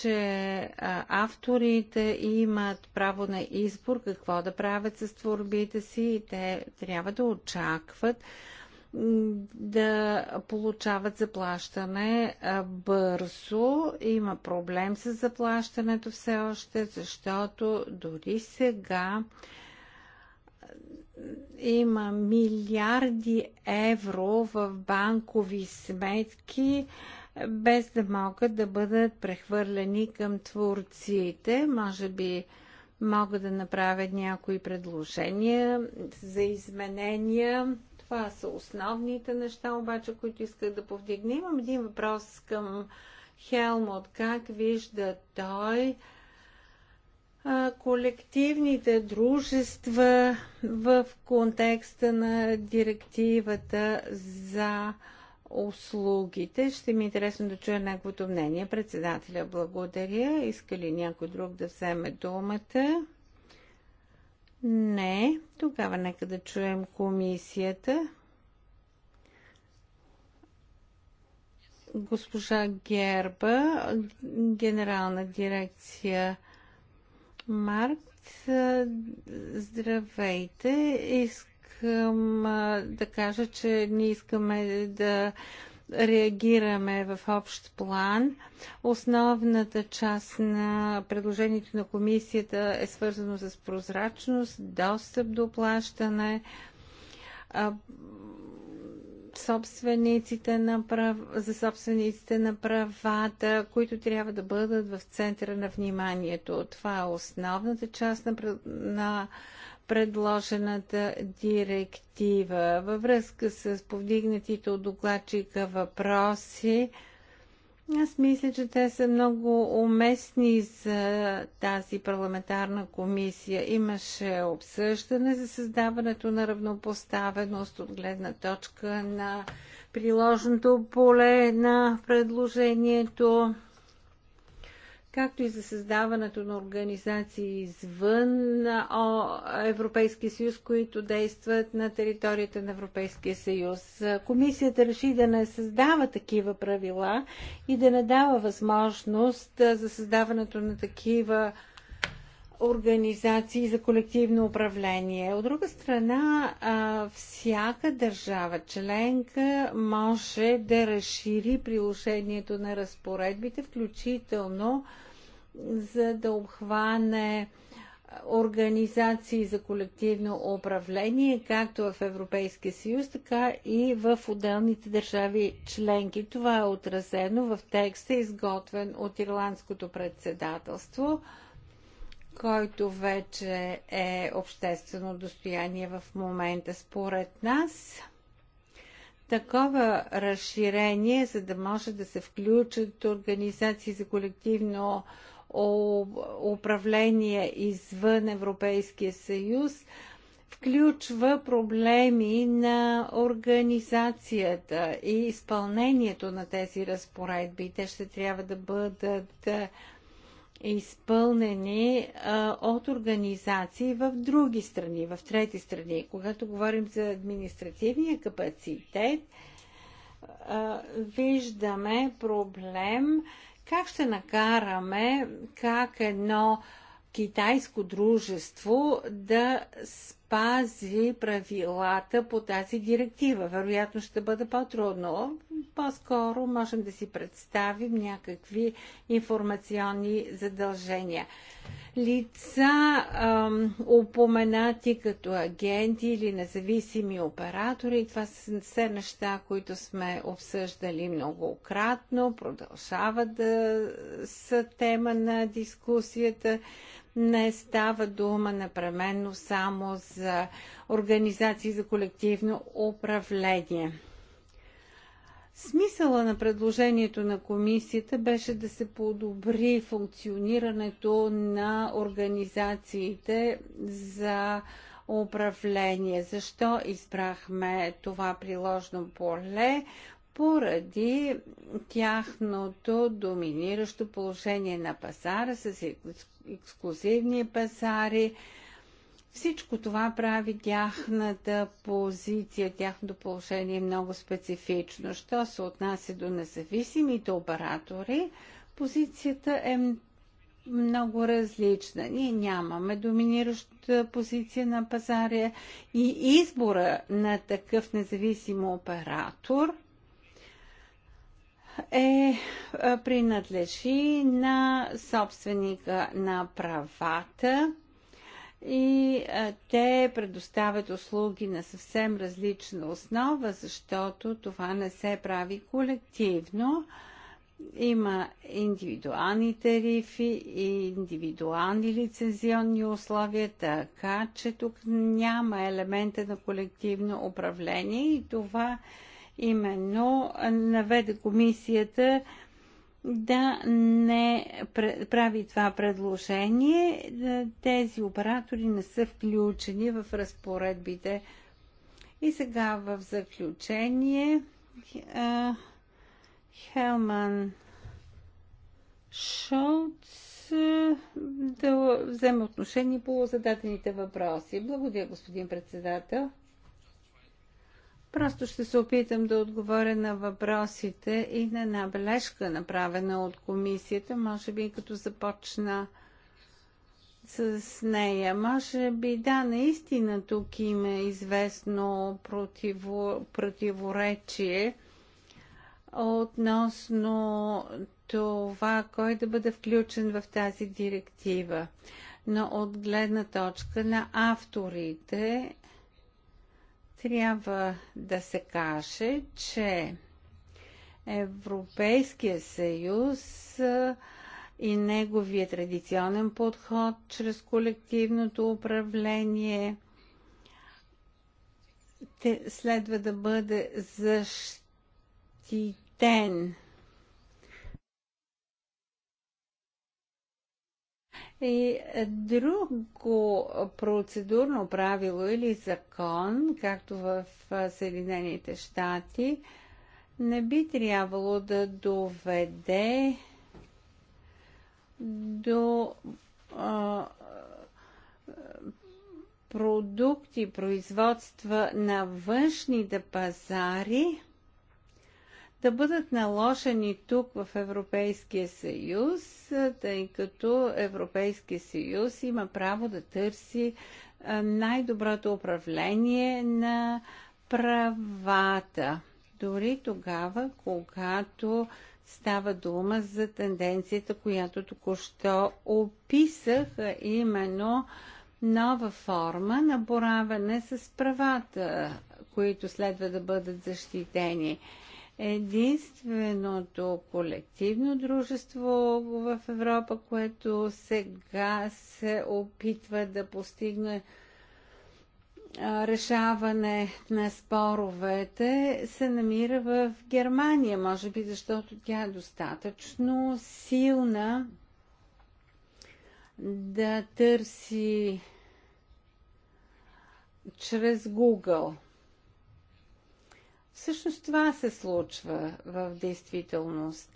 че авторите имат право на избор какво да правят с творбите си и те трябва да очакват да получават заплащане бързо. Има проблем с заплащането все още, защото дори сега има милиарди евро в банкови сметки, без да могат да бъдат прехвърлени към творците. Може би мога да направя някои предложения за изменения. Това са основните неща, обаче, които исках да повдигна. Имам един въпрос към Хелмут. Как вижда той колективните дружества в контекста на директивата за услугите. Ще ми е интересно да чуя неговото мнение. Председателя, благодаря. Иска ли някой друг да вземе думата? Не. Тогава нека да чуем комисията. Госпожа Герба, генерална дирекция Март. Здравейте. Иск искам да кажа, че ние искаме да реагираме в общ план. Основната част на предложението на комисията е свързано с прозрачност, достъп до плащане, собствениците на прав... за собствениците на правата, които трябва да бъдат в центъра на вниманието. Това е основната част на, на предложената директива. Във връзка с повдигнатите от докладчика въпроси, аз мисля, че те са много уместни за тази парламентарна комисия. Имаше обсъждане за създаването на равнопоставеност от гледна точка на приложното поле на предложението както и за създаването на организации извън Европейския съюз, които действат на територията на Европейския съюз. Комисията реши да не създава такива правила и да не дава възможност за създаването на такива организации за колективно управление. От друга страна, всяка държава членка може да разшири приложението на разпоредбите, включително за да обхване организации за колективно управление, както в Европейския съюз, така и в отделните държави членки. Това е отразено в текста, изготвен от Ирландското председателство който вече е обществено достояние в момента. Според нас, такова разширение, за да може да се включат организации за колективно управление извън Европейския съюз, включва проблеми на организацията и изпълнението на тези разпоредби. Те ще трябва да бъдат изпълнени а, от организации в други страни, в трети страни. Когато говорим за административния капацитет, а, виждаме проблем как ще накараме как едно китайско дружество да спази правилата по тази директива. Вероятно ще бъде по-трудно по-скоро можем да си представим някакви информационни задължения. Лица, ам, упоменати като агенти или независими оператори, това са все неща, които сме обсъждали многократно, продължават да са тема на дискусията не става дума напременно само за организации за колективно управление. Смисъла на предложението на комисията беше да се подобри функционирането на организациите за управление. Защо избрахме това приложно поле? Поради тяхното доминиращо положение на пазара с ексклюзивни пазари, всичко това прави тяхната позиция, тяхното положение много специфично. Що се отнася до независимите оператори, позицията е много различна. Ние нямаме доминираща позиция на пазаря и избора на такъв независим оператор е принадлежи на собственика на правата и а, те предоставят услуги на съвсем различна основа, защото това не се прави колективно. Има индивидуални тарифи и индивидуални лицензионни условия, така че тук няма елемента на колективно управление и това именно наведе комисията да не прави това предложение. Тези оператори не са включени в разпоредбите. И сега в заключение Хелман Шолц да вземе отношение по зададените въпроси. Благодаря, господин председател. Просто ще се опитам да отговоря на въпросите и на една бележка, направена от комисията, може би като започна с нея. Може би, да, наистина тук има е известно противо, противоречие относно това, кой да бъде включен в тази директива. Но от гледна точка на авторите трябва да се каже, че Европейския съюз и неговия традиционен подход чрез колективното управление следва да бъде защитен И е, друго процедурно правило или закон, както в е, Съединените щати, не би трябвало да доведе до а, е, продукти, производства на външните пазари, да бъдат наложени тук в Европейския съюз, тъй като Европейския съюз има право да търси най-доброто управление на правата. Дори тогава, когато става дума за тенденцията, която току-що описах, именно нова форма на бораване с правата, които следва да бъдат защитени единственото колективно дружество в Европа, което сега се опитва да постигне решаване на споровете се намира в Германия, може би защото тя е достатъчно силна да търси чрез Google Всъщност това се случва в действителност.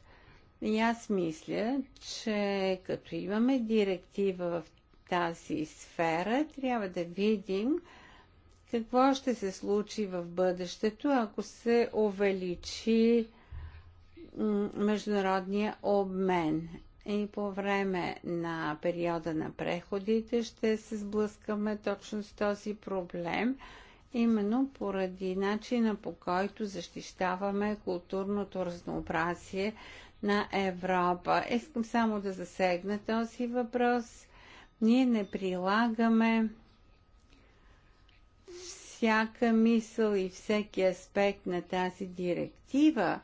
И аз мисля, че като имаме директива в тази сфера, трябва да видим какво ще се случи в бъдещето, ако се увеличи международния обмен. И по време на периода на преходите ще се сблъскаме точно с този проблем – именно поради начина по който защищаваме културното разнообразие на Европа. Искам само да засегна този въпрос. Ние не прилагаме всяка мисъл и всеки аспект на тази директива,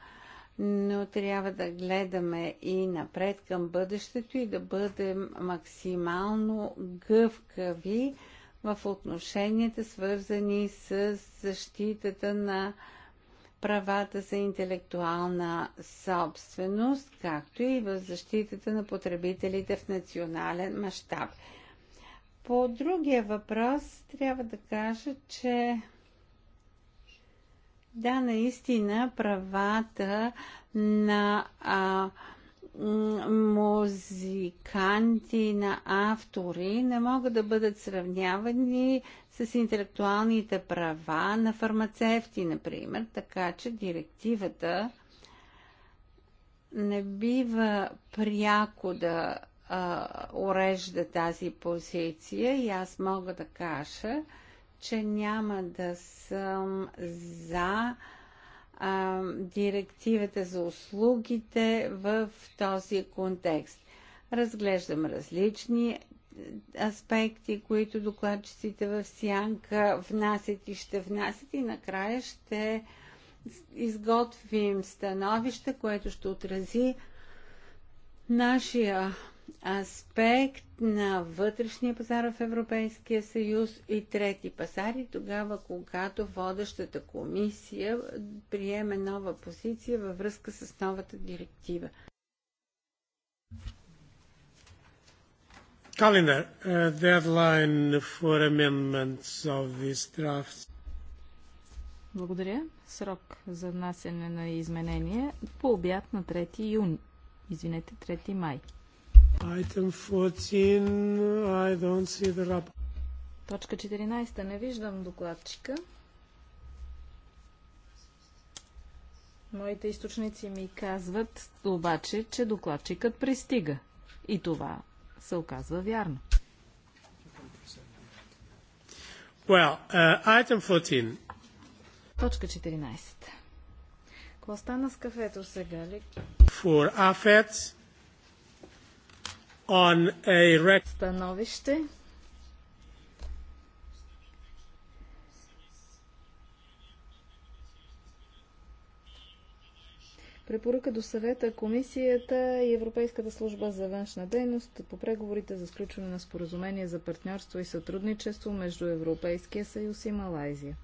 но трябва да гледаме и напред към бъдещето и да бъдем максимално гъвкави в отношенията, свързани с защитата на правата за интелектуална собственост, както и в защитата на потребителите в национален мащаб. По другия въпрос трябва да кажа, че да, наистина правата на а, музиканти на автори не могат да бъдат сравнявани с интелектуалните права на фармацевти, например, така че директивата не бива пряко да а, урежда тази позиция и аз мога да кажа, че няма да съм за а, а, директивата за услугите в този контекст. Разглеждам различни аспекти, които докладчиците в Сянка внасят и ще внасят и накрая ще изготвим становище, което ще отрази нашия аспект на вътрешния пазар в Европейския съюз и трети пазари, тогава когато водещата комисия приеме нова позиция във връзка с новата директива. Calendar, uh, deadline for amendments of Благодаря. Срок за внасяне на изменения по обяд на 3 юни. Извинете, 3 май. Item 14, I don't see the rap. Точка 14. Не виждам докладчика. Моите източници ми казват обаче, че докладчикът пристига. И това се оказва вярно. Well, uh, item 14. Точка 14. Какво стана с кафето сега, ли? For AFET Становище. Препоръка до съвета, комисията и Европейската служба за външна дейност по преговорите за сключване на споразумение за партньорство и сътрудничество между Европейския съюз и Малайзия.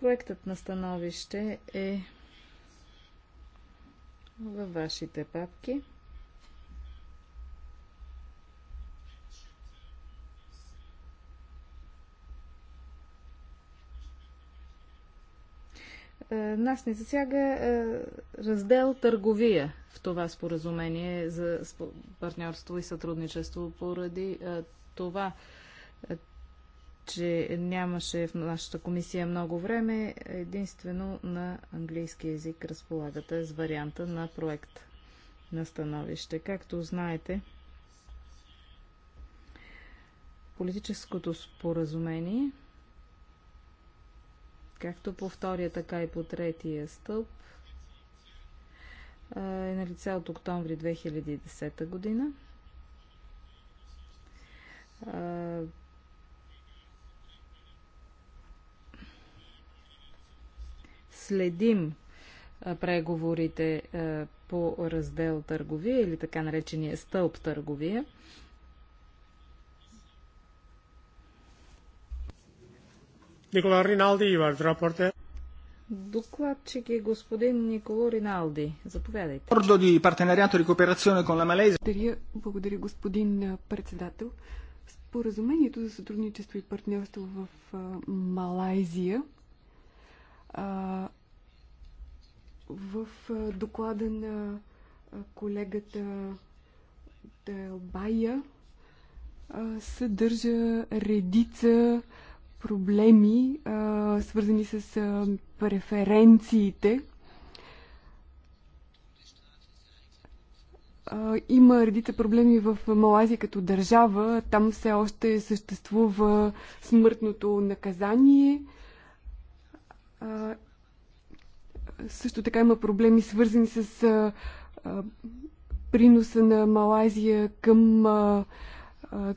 Проектът на становище е във вашите папки. Е, нас не засяга е, раздел търговия в това споразумение за партньорство и сътрудничество поради е, това, че нямаше в нашата комисия много време, единствено на английски язик разполагате с варианта на проект на становище. Както знаете, политическото споразумение – както по втория, така и по третия стълб е на лице от октомври 2010 година. Следим преговорите по раздел търговия или така наречения стълб търговия. Никола Риналди, Ивар Рапорте. Докладчик е господин Николо Риналди. Заповядайте. Ордо ди партенариато и кооперационе кон ла Малезия. Благодаря, благодаря господин председател. Споразумението за сътрудничество и партньорство в Малайзия в доклада на колегата Телбая съдържа редица проблеми, свързани с преференциите. Има редица проблеми в Малайзия като държава. Там все още съществува смъртното наказание. Също така има проблеми, свързани с приноса на Малайзия към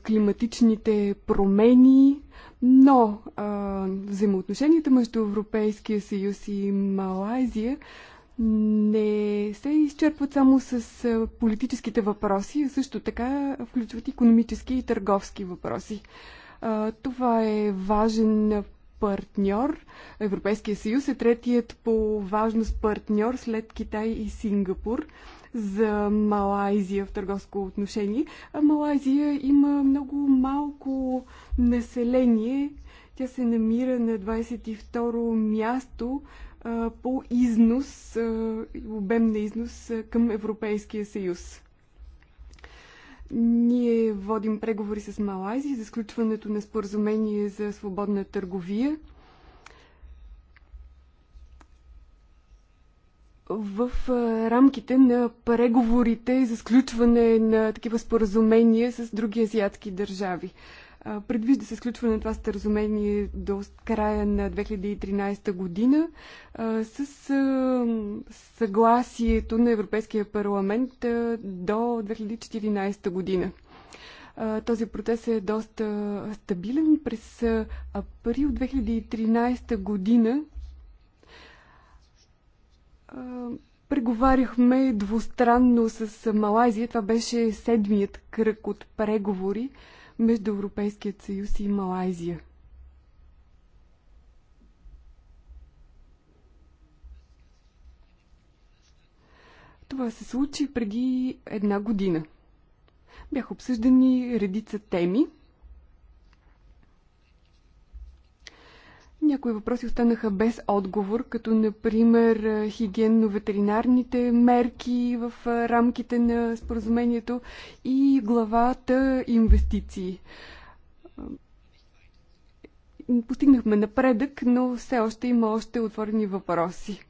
климатичните промени но а, взаимоотношенията между Европейския съюз и Малайзия не се изчерпват само с политическите въпроси, също така включват економически и търговски въпроси. А, това е важен партньор. Европейския съюз е третият по важност партньор след Китай и Сингапур за Малайзия в търговско отношение. А Малайзия има много малко население. Тя се намира на 22-ро място а, по износ, а, обем на износ а, към Европейския съюз. Ние водим преговори с Малайзия за сключването на споразумение за свободна търговия. в рамките на преговорите за сключване на такива споразумения с други азиатски държави. Предвижда се сключване на това споразумение до края на 2013 година с съгласието на Европейския парламент до 2014 година. Този процес е доста стабилен. През април 2013 година преговаряхме двустранно с Малайзия. Това беше седмият кръг от преговори между Европейският съюз и Малайзия. Това се случи преди една година. Бях обсъждани редица теми – Някои въпроси останаха без отговор, като например хигиенно-ветеринарните мерки в рамките на споразумението и главата инвестиции. Постигнахме напредък, но все още има още отворени въпроси.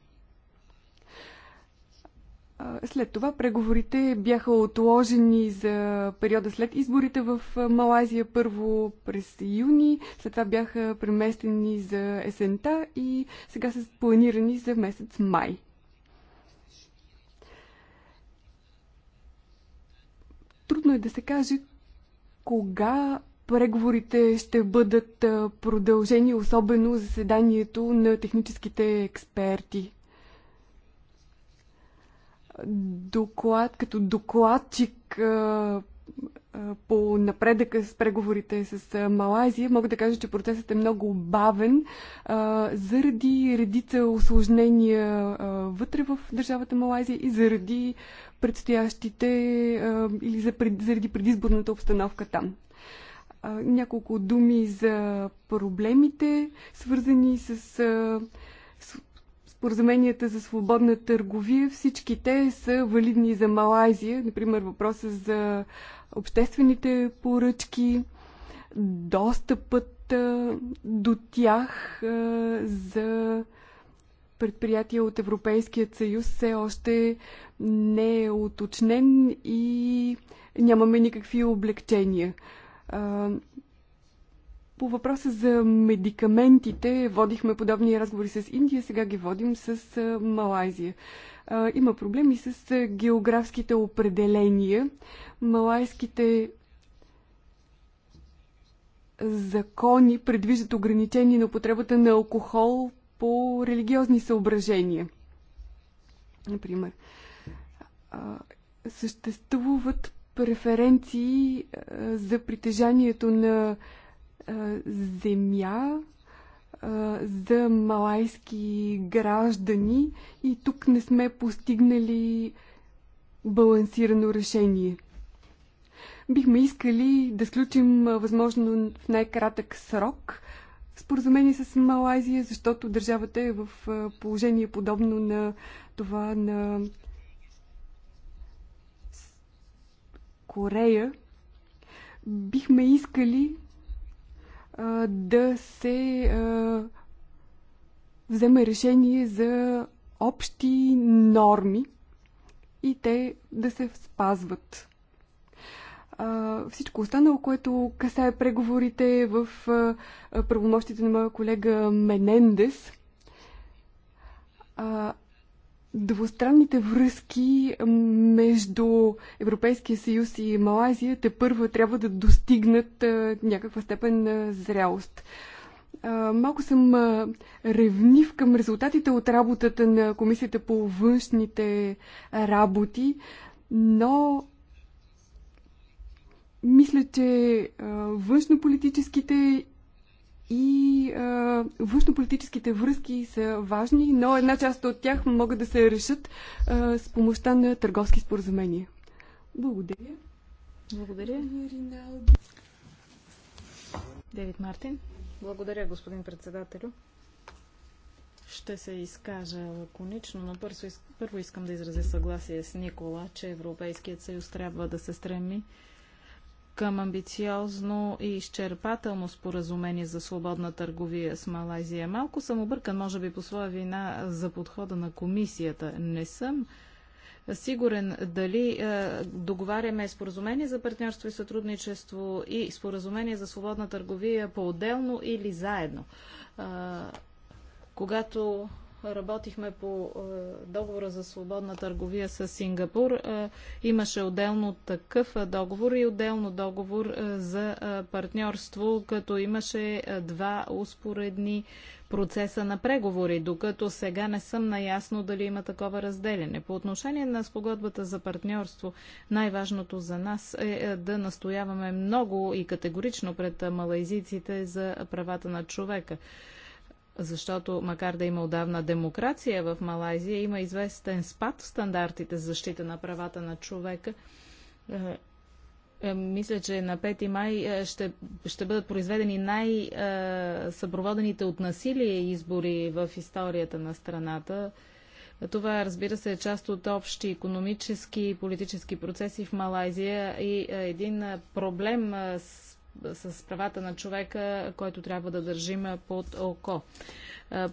След това преговорите бяха отложени за периода след изборите в Малайзия първо през юни, след това бяха преместени за есента и сега са планирани за месец май. Трудно е да се каже кога преговорите ще бъдат продължени, особено заседанието на техническите експерти доклад, като докладчик по напредъка с преговорите с Малайзия, мога да кажа, че процесът е много бавен а, заради редица осложнения а, вътре в държавата Малайзия и заради предстоящите а, или за, заради предизборната обстановка там. А, няколко думи за проблемите, свързани с а, споразуменията за свободна търговия, всички те са валидни за Малайзия. Например, въпроса за обществените поръчки, достъпът до тях за предприятия от Европейският съюз все още не е уточнен и нямаме никакви облегчения. По въпроса за медикаментите водихме подобни разговори с Индия, сега ги водим с Малайзия. Има проблеми с географските определения. Малайските закони предвиждат ограничение на употребата на алкохол по религиозни съображения. Например, съществуват преференции за притежанието на земя за малайски граждани и тук не сме постигнали балансирано решение. Бихме искали да сключим възможно в най-кратък срок споразумение с Малайзия, защото държавата е в положение подобно на това на Корея. Бихме искали да се вземе решение за общи норми и те да се спазват. Всичко останало, което касае преговорите в правомощите на моя колега Менендес, Двустранните връзки между Европейския съюз и Малайзия те първа трябва да достигнат някаква степен на зрялост. Малко съм ревнив към резултатите от работата на Комисията по външните работи, но мисля, че външнополитическите и а, външнополитическите връзки са важни, но една част от тях могат да се решат а, с помощта на търговски споразумения. Благодаря. Благодаря. Девид Мартин. Благодаря, господин председателю. Ще се изкажа лаконично, но първо, първо искам да изразя съгласие с Никола, че Европейският съюз трябва да се стреми към амбициозно и изчерпателно споразумение за свободна търговия с Малайзия. Малко съм объркан, може би по своя вина, за подхода на комисията. Не съм сигурен дали е, договаряме споразумение за партньорство и сътрудничество и споразумение за свободна търговия по-отделно или заедно. Е, когато работихме по е, договора за свободна търговия с Сингапур. Е, имаше отделно такъв е, договор и отделно договор за партньорство, като имаше два успоредни процеса на преговори, докато сега не съм наясно дали има такова разделяне. По отношение на спогодбата за партньорство, най-важното за нас е да настояваме много и категорично пред малайзиците за правата на човека защото макар да има отдавна демокрация в Малайзия, има известен спад в стандартите за защита на правата на човека. Е, е, мисля, че на 5 май е, ще, ще бъдат произведени най-съпроводените от насилие избори в историята на страната. Това, разбира се, е част от общи економически и политически процеси в Малайзия и един проблем, с с правата на човека, който трябва да държим под око.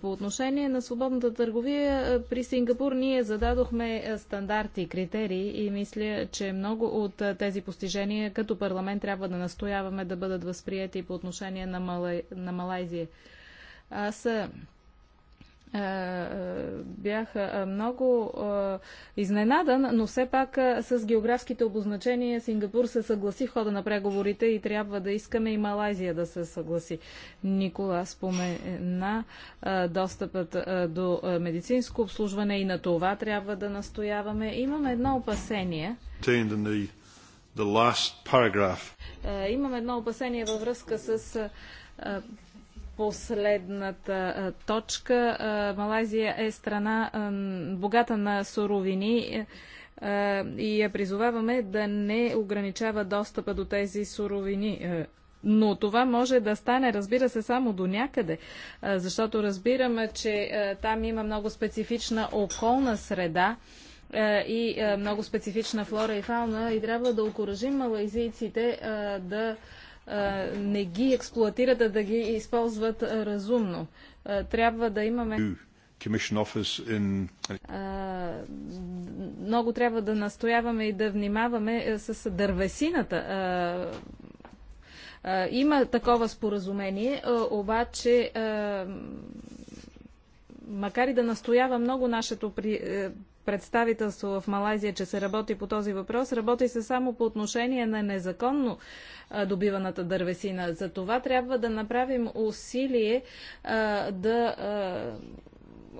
По отношение на свободната търговия, при Сингапур ние зададохме стандарти, критерии и мисля, че много от тези постижения като парламент трябва да настояваме да бъдат възприяти по отношение на, Мала... на Малайзия. Аз е, е, бях е, много изненадан, но все пак с географските обозначения Сингапур се съгласи в хода на преговорите и трябва да искаме и Малайзия да се съгласи. Никола спомена достъпът до медицинско обслужване и на това трябва да настояваме. Имаме едно опасение. Имам едно опасение във връзка с последната точка. Малайзия е страна богата на суровини и я призоваваме да не ограничава достъпа до тези суровини. Но това може да стане, разбира се, само до някъде, защото разбираме, че там има много специфична околна среда и много специфична флора и фауна и трябва да окоръжим малайзийците да не ги експлуатират, а да ги използват разумно. Трябва да имаме. In... Много трябва да настояваме и да внимаваме с дървесината. Има такова споразумение, обаче макар и да настоява много нашето е, представителство в Малайзия, че се работи по този въпрос. Работи се само по отношение на незаконно добиваната дървесина. За това трябва да направим усилие а, да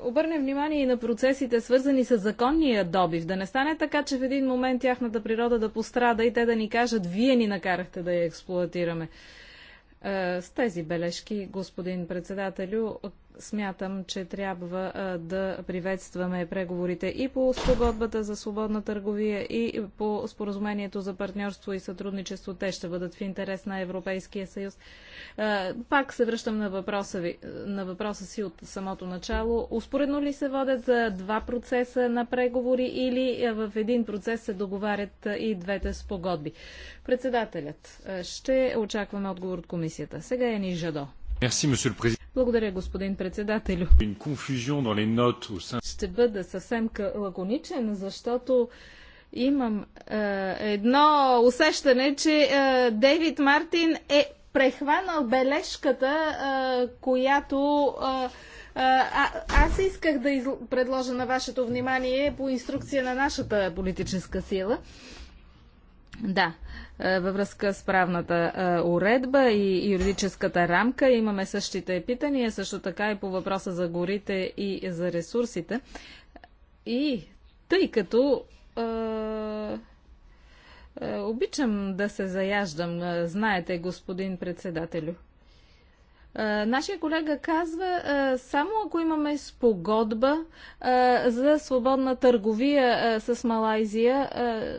обърнем внимание и на процесите, свързани с законния добив. Да не стане така, че в един момент тяхната природа да пострада и те да ни кажат, вие ни накарахте да я експлуатираме. С тези бележки, господин председателю, смятам, че трябва да приветстваме преговорите и по спогодбата за свободна търговия и по споразумението за партньорство и сътрудничество. Те ще бъдат в интерес на Европейския съюз. пак се връщам на въпроса, ви, на въпроса си от самото начало. Успоредно ли се водят за два процеса на преговори или в един процес се договарят и двете спогодби? Председателят, ще очакваме отговор от комисията. Сега е ни Жадо. Благодаря, господин председателю. Ще бъда съвсем лаконичен, защото имам е, едно усещане, че е, Дейвид Мартин е прехванал бележката, е, която е, е, а, аз исках да предложа на вашето внимание по инструкция на нашата политическа сила. Да, е, във връзка с правната е, уредба и юридическата рамка имаме същите питания, също така и по въпроса за горите и за ресурсите. И тъй като е, обичам да се заяждам, знаете, господин председателю. Нашия колега казва, само ако имаме спогодба за свободна търговия с Малайзия,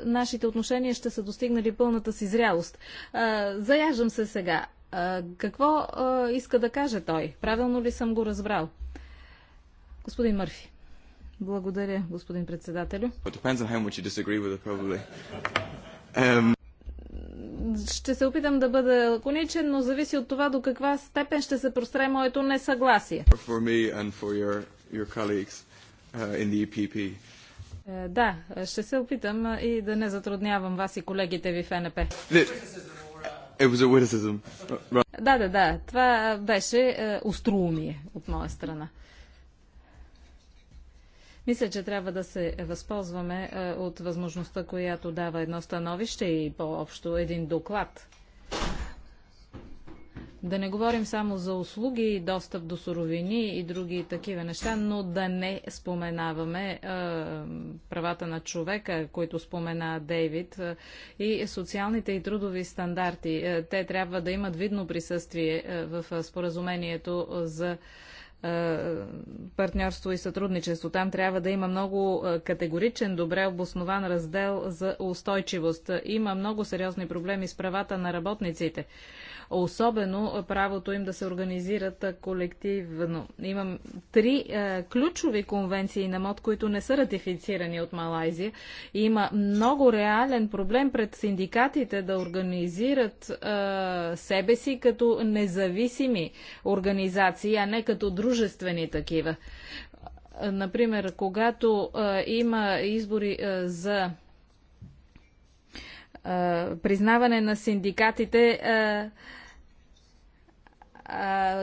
нашите отношения ще са достигнали пълната си зрялост. Заяждам се сега. Какво иска да каже той? Правилно ли съм го разбрал? Господин Мърфи. Благодаря, господин председателю. Ще се опитам да бъда лаконичен, но зависи от това до каква степен ще се простре моето несъгласие. Your, your uh, e е, да, ще се опитам и да не затруднявам вас и колегите ви в НП. Да, да, да. Това беше е, остроумие от моя страна. Мисля, че трябва да се възползваме е, от възможността, която дава едно становище и по-общо един доклад. Да не говорим само за услуги, достъп до суровини и други такива неща, но да не споменаваме е, правата на човека, които спомена Дейвид, е, и социалните и трудови стандарти. Е, те трябва да имат видно присъствие е, в е, споразумението за е, е, партньорство и сътрудничество. Там трябва да има много е, категоричен, добре обоснован раздел за устойчивост. Има много сериозни проблеми с правата на работниците особено правото им да се организират колективно. Имам три е, ключови конвенции на МОД, които не са ратифицирани от Малайзия. Има много реален проблем пред синдикатите да организират е, себе си като независими организации, а не като дружествени такива. Например, когато е, има избори е, за признаване на синдикатите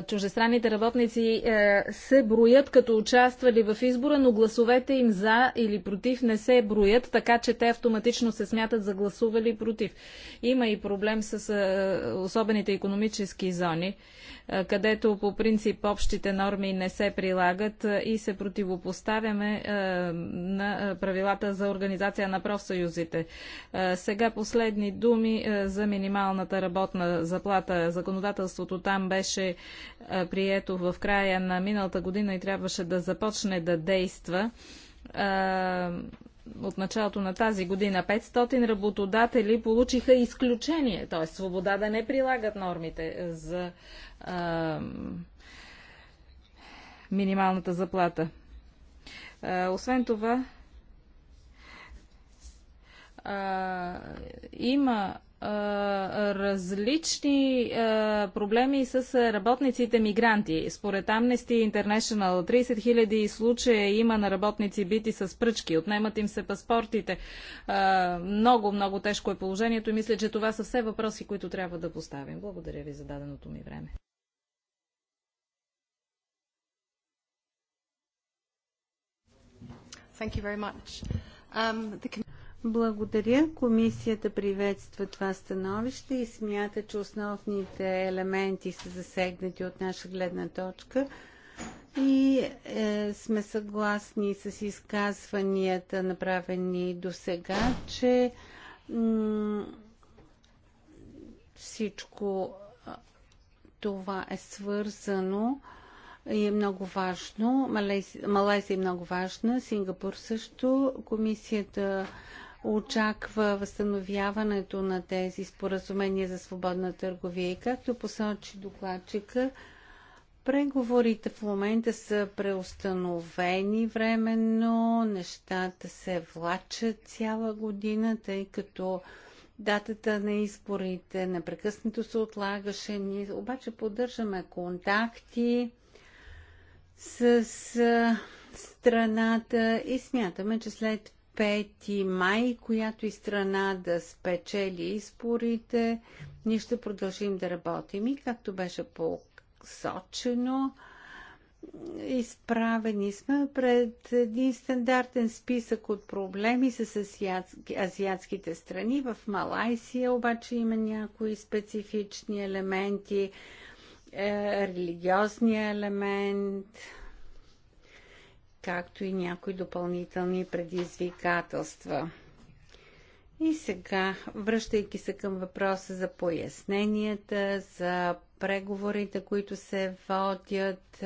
Чужестранните работници а, е, се броят като участвали в избора, но гласовете им за или против не се броят, така че те автоматично се смятат за гласували против. Има и проблем с а, е, особените економически зони, а, е, където по принцип общите норми не се прилагат а, и се противопоставяме а, на правилата за организация на профсъюзите. А, сега последни думи а, за минималната работна заплата. Законодателството там беше беше прието в края на миналата година и трябваше да започне да действа от началото на тази година 500 работодатели получиха изключение, т.е. свобода да не прилагат нормите за а, минималната заплата. А, освен това, а, има различни проблеми с работниците мигранти. Според Amnesty International 30 000 случая има на работници бити с пръчки, отнемат им се паспортите. Много, много тежко е положението и мисля, че това са все въпроси, които трябва да поставим. Благодаря ви за даденото ми време. Thank you very much. Um, the... Благодаря. Комисията приветства това становище и смята, че основните елементи са засегнати от наша гледна точка и е, сме съгласни с изказванията, направени до сега, че всичко това е свързано и е много важно. Малайзия е много важна, Сингапур също. Комисията очаква възстановяването на тези споразумения за свободна търговия. И както посочи докладчика, преговорите в момента са преустановени временно, нещата се влачат цяла година, тъй като датата на изборите непрекъснато се отлагаше. Ние обаче поддържаме контакти с страната и смятаме, че след 5 май, която и страна да спечели изборите, ние ще продължим да работим и както беше посочено, изправени сме пред един стандартен списък от проблеми с азиатските страни. В Малайсия обаче има някои специфични елементи, е, религиозния елемент – както и някои допълнителни предизвикателства. И сега, връщайки се към въпроса за поясненията, за преговорите, които се водят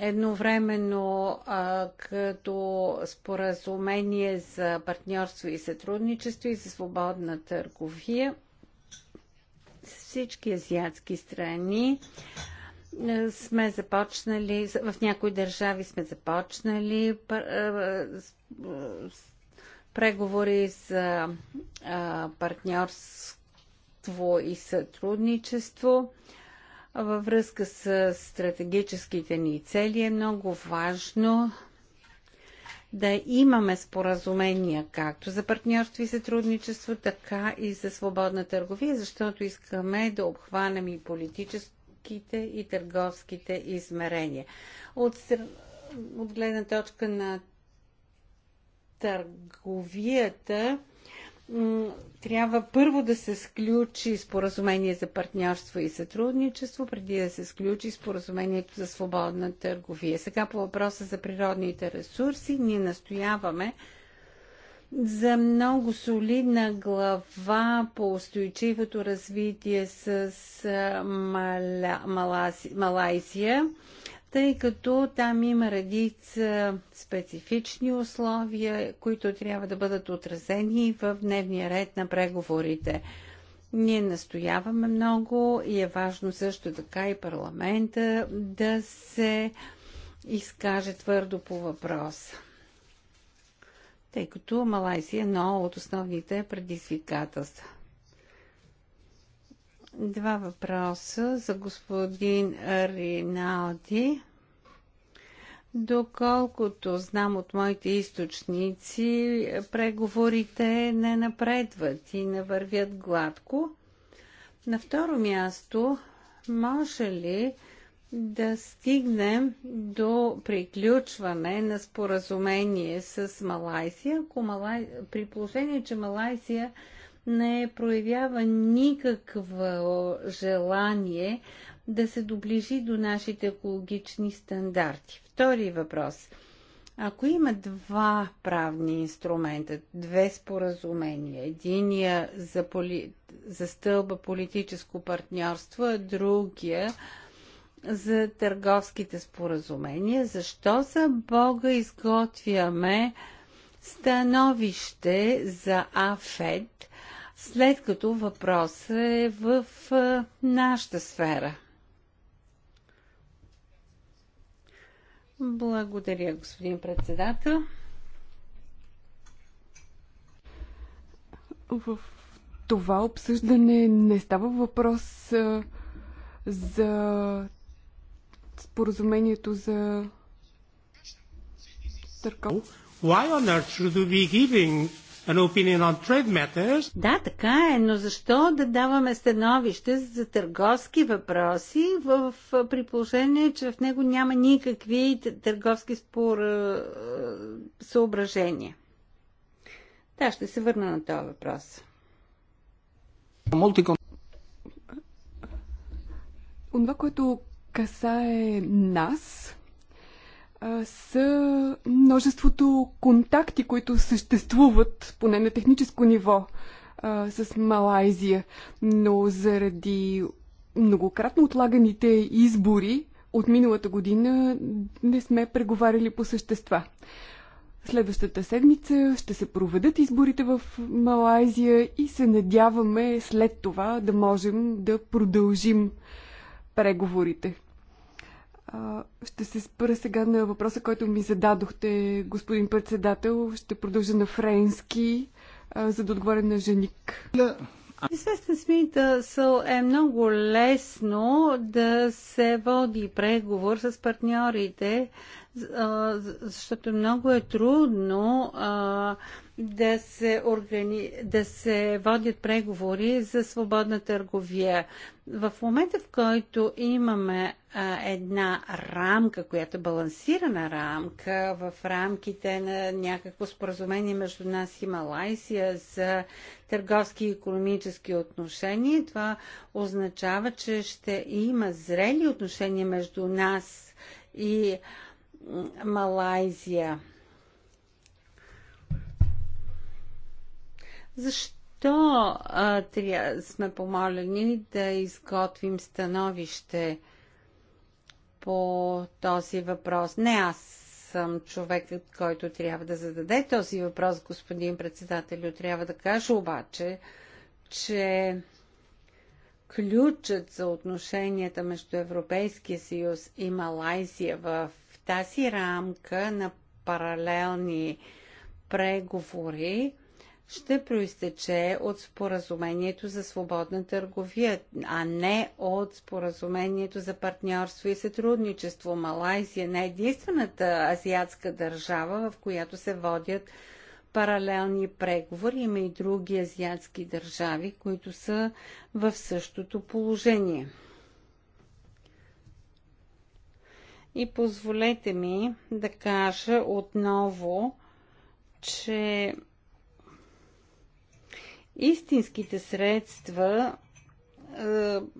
едновременно а, като споразумение за партньорство и сътрудничество и за свободна търговия с всички азиатски страни. Е, сме започнали, в някои държави сме започнали е, е, преговори за партньорство и сътрудничество. Във връзка с стратегическите ни цели е много важно да имаме споразумения както за партньорство и сътрудничество, така и за свободна търговия, защото искаме да обхванем и политическо политическите и търговските измерения. От, от гледна точка на търговията, трябва първо да се сключи споразумение за партньорство и сътрудничество, преди да се сключи споразумението за свободна търговия. Сега по въпроса за природните ресурси, ние настояваме за много солидна глава по устойчивото развитие с Маля, Малайзия, тъй като там има редица специфични условия, които трябва да бъдат отразени в дневния ред на преговорите. Ние настояваме много и е важно също така и парламента да се изкаже твърдо по въпроса тъй като Малайзия е едно от основните предизвикателства. Два въпроса за господин Риналди. Доколкото знам от моите източници, преговорите не напредват и не вървят гладко. На второ място, може ли да стигнем до приключване на споразумение с Малайсия, ако Малай... при положение, че Малайсия не проявява никакво желание да се доближи до нашите екологични стандарти. Втори въпрос. Ако има два правни инструмента, две споразумения, единия за, поли... за стълба политическо партньорство, а другия за търговските споразумения. Защо за Бога изготвяме становище за АФЕД, след като въпросът е в нашата сфера? Благодаря, господин председател. В това обсъждане не става въпрос за споразумението за търков. Why on earth should we be giving an opinion on trade matters? Да, така е, но защо да даваме становище за търговски въпроси в, приположение, че в него няма никакви търговски спор, съображения? Да, ще се върна на този въпрос. Това, което касае нас, са множеството контакти, които съществуват, поне на техническо ниво, с Малайзия. Но заради многократно отлаганите избори от миналата година не сме преговаряли по същества. Следващата седмица ще се проведат изборите в Малайзия и се надяваме след това да можем да продължим преговорите. Ще се спра сега на въпроса, който ми зададохте, господин председател. Ще продължа на френски, за да отговоря на женик. смита смисъл е много лесно да се води преговор с партньорите защото много е трудно да се, органи... да се водят преговори за свободна търговия. В момента, в който имаме една рамка, която е балансирана рамка в рамките на някакво споразумение между нас и Малайсия за търговски и економически отношения, това означава, че ще има зрели отношения между нас и Малайзия. Защо а, тря... сме помолени да изготвим становище по този въпрос? Не аз съм човекът, който трябва да зададе този въпрос, господин председател, Трябва да кажа обаче, че ключът за отношенията между Европейския съюз и Малайзия в тази рамка на паралелни преговори ще проистече от споразумението за свободна търговия, а не от споразумението за партньорство и сътрудничество. Малайзия не е единствената азиатска държава, в която се водят паралелни преговори. Има и други азиатски държави, които са в същото положение. И позволете ми да кажа отново, че истинските средства, е,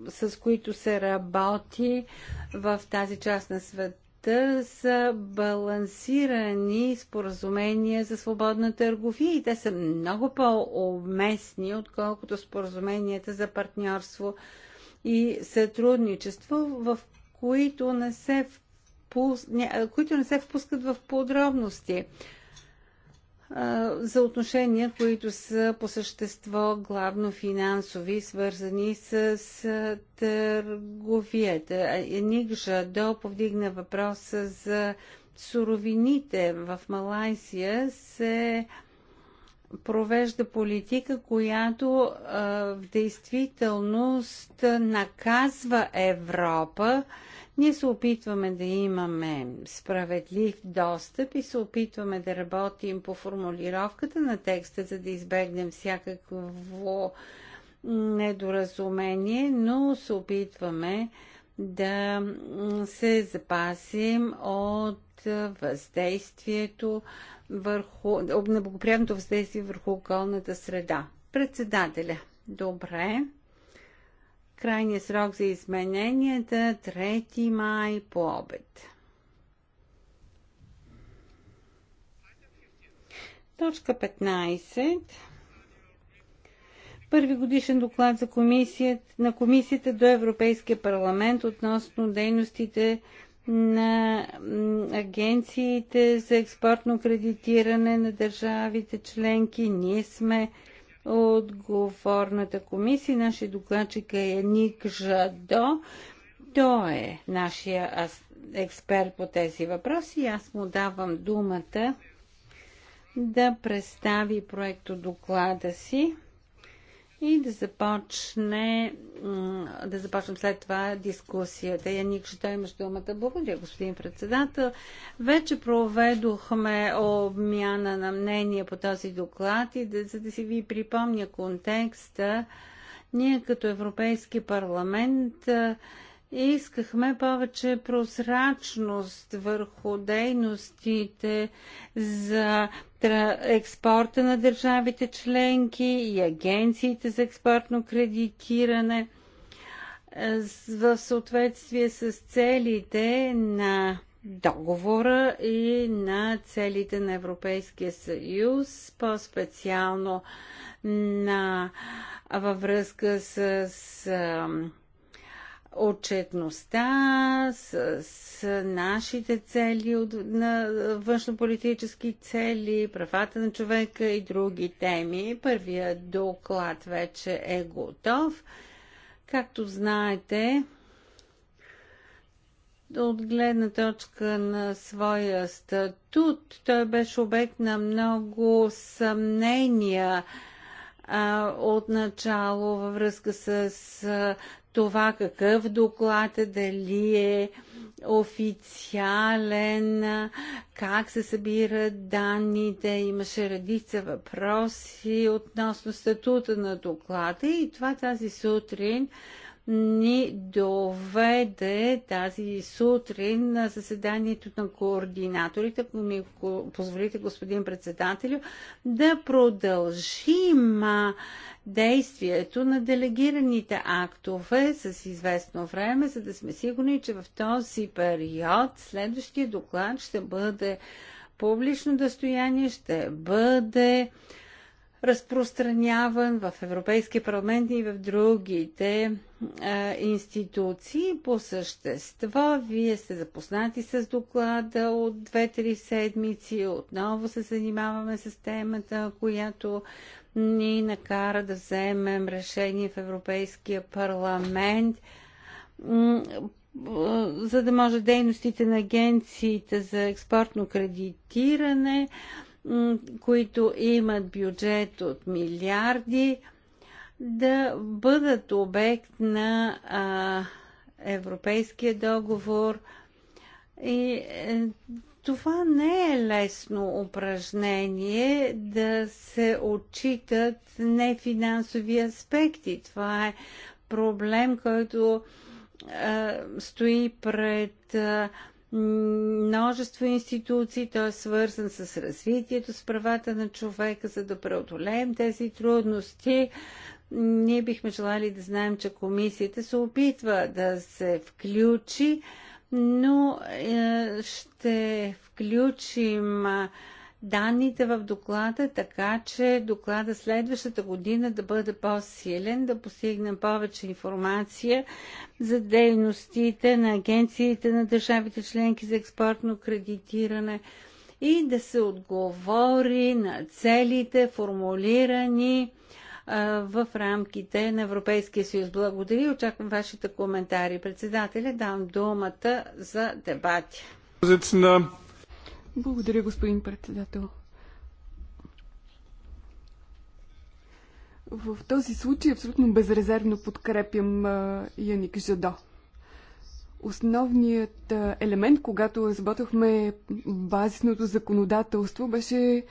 с които се работи в тази част на света, са балансирани споразумения за свободна търговия и те са много по-уместни, отколкото споразуменията за партньорство и сътрудничество, в които не се не, които не се впускат в подробности за отношения, които са по същество главно финансови, свързани с, търговията. Нигжа Жадо повдигна въпроса за суровините. В Малайсия се провежда политика, която а, в действителност наказва Европа ние се опитваме да имаме справедлив достъп и се опитваме да работим по формулировката на текста, за да избегнем всякакво недоразумение, но се опитваме да се запасим от въздействието върху, неблагоприятното въздействие върху околната среда. Председателя. Добре. Крайният срок за измененията 3 е май по обед. Точка 15. Първи годишен доклад за комисията, на комисията до Европейския парламент относно дейностите на агенциите за експортно кредитиране на държавите членки. Ние сме отговорната комисия. Нашия докладчик е Ник Жадо. Той е нашия експерт по тези въпроси. Аз му давам думата да представи проекто доклада си и да започне да започнем след това дискусията. Яник, ще имаш думата. Благодаря, господин председател. Вече проведохме обмяна на мнение по този доклад и да, за да си ви припомня контекста, ние като Европейски парламент и искахме повече прозрачност върху дейностите за експорта на държавите членки и агенциите за експортно кредитиране е, в съответствие с целите на договора и на целите на Европейския съюз, по-специално на, във връзка с, с отчетността с, с нашите цели от, на външнополитически цели, правата на човека и други теми. Първият доклад вече е готов. Както знаете, от гледна точка на своя статут, той беше обект на много съмнения от начало във връзка с това какъв доклад е, дали е официален, как се събират данните, имаше редица въпроси относно статута на доклада и това тази сутрин ни доведе тази сутрин на заседанието на координаторите, ако ми позволите, господин председателю, да продължим действието на делегираните актове с известно време, за да сме сигурни, че в този период следващия доклад ще бъде публично достояние, ще бъде разпространяван в Европейския парламент и в другите а, институции. По същество, вие сте запознати с доклада от 2-3 седмици. Отново се занимаваме с темата, която ни накара да вземем решение в Европейския парламент за да може дейностите на агенциите за експортно кредитиране които имат бюджет от милиарди, да бъдат обект на а, Европейския договор. И е, това не е лесно упражнение да се отчитат нефинансови аспекти. Това е проблем, който е, стои пред. Е, множество институции, той е свързан с развитието, с правата на човека, за да преодолеем тези трудности. Ние бихме желали да знаем, че комисията се опитва да се включи, но е, ще включим данните в доклада, така че доклада следващата година да бъде по-силен, да постигнем повече информация за дейностите на агенциите на държавите членки за експортно кредитиране и да се отговори на целите, формулирани в рамките на Европейския съюз. Благодаря и очаквам вашите коментари. Председателя, дам думата за дебати. Благодаря, господин председател. В този случай абсолютно безрезервно подкрепям Яник Жадо. Основният елемент, когато разработвахме базисното законодателство, беше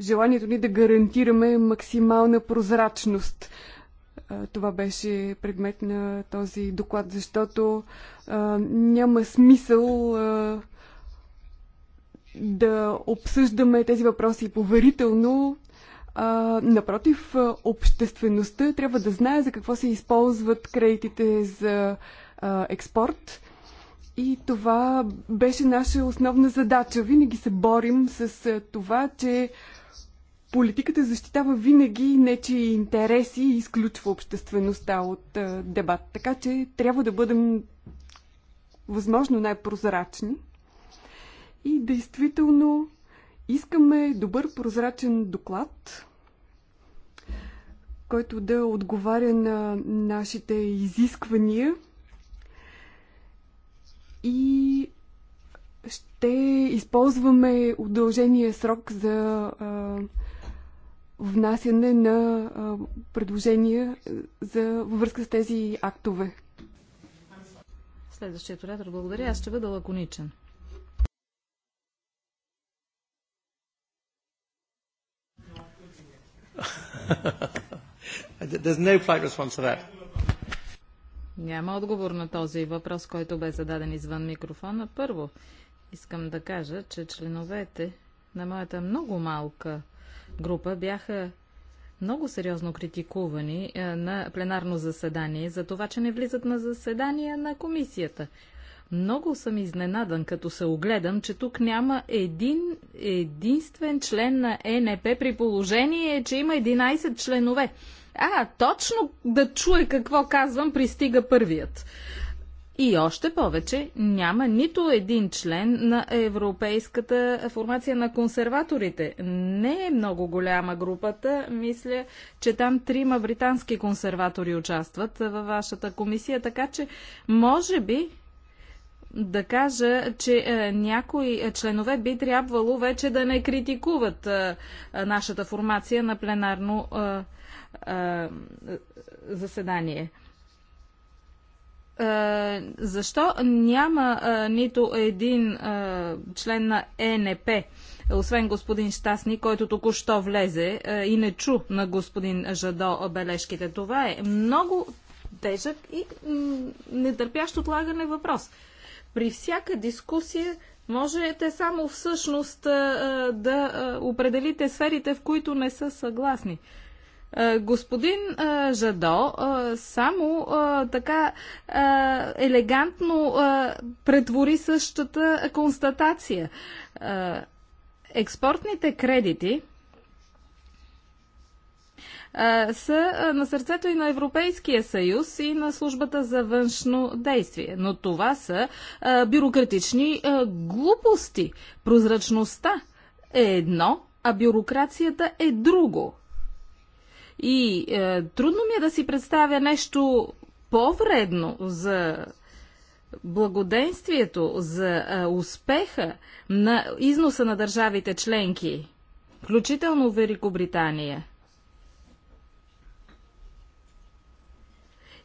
желанието ни да гарантираме максимална прозрачност. Това беше предмет на този доклад, защото няма смисъл да обсъждаме тези въпроси поверително. А, напротив, обществеността трябва да знае за какво се използват кредитите за а, експорт. И това беше наша основна задача. Винаги се борим с това, че политиката защитава винаги нечи интереси и изключва обществеността от а, дебат. Така че трябва да бъдем възможно най-прозрачни. И действително искаме добър прозрачен доклад, който да отговаря на нашите изисквания и ще използваме удължения срок за а, внасяне на а, предложения за, във връзка с тези актове. Следващият оратор, благодаря. Аз ще бъда лаконичен. Няма отговор на този въпрос, който бе зададен извън микрофона. Първо, искам да кажа, че членовете на моята много малка група бяха много сериозно критикувани е, на пленарно заседание за това, че не влизат на заседания на комисията. Много съм изненадан, като се огледам, че тук няма един единствен член на ЕНП при положение, че има 11 членове. А, точно да чуе какво казвам, пристига първият. И още повече, няма нито един член на Европейската формация на консерваторите. Не е много голяма групата. Мисля, че там трима британски консерватори участват във вашата комисия, така че може би да кажа, че е, някои е, членове би трябвало вече да не критикуват е, е нашата формация на пленарно е, е заседание. Защо няма нито един член на ЕНП, освен господин Щастни, който току-що влезе и не чу на господин Жадо бележките? Това е много тежък и нетърпящ отлагане въпрос при всяка дискусия можете само всъщност да определите сферите, в които не са съгласни. Господин Жадо само така елегантно претвори същата констатация. Експортните кредити са на сърцето и на Европейския съюз и на службата за външно действие. Но това са бюрократични глупости. Прозрачността е едно, а бюрокрацията е друго. И е, трудно ми е да си представя нещо по-вредно за благоденствието, за е, успеха на износа на държавите членки, включително Великобритания,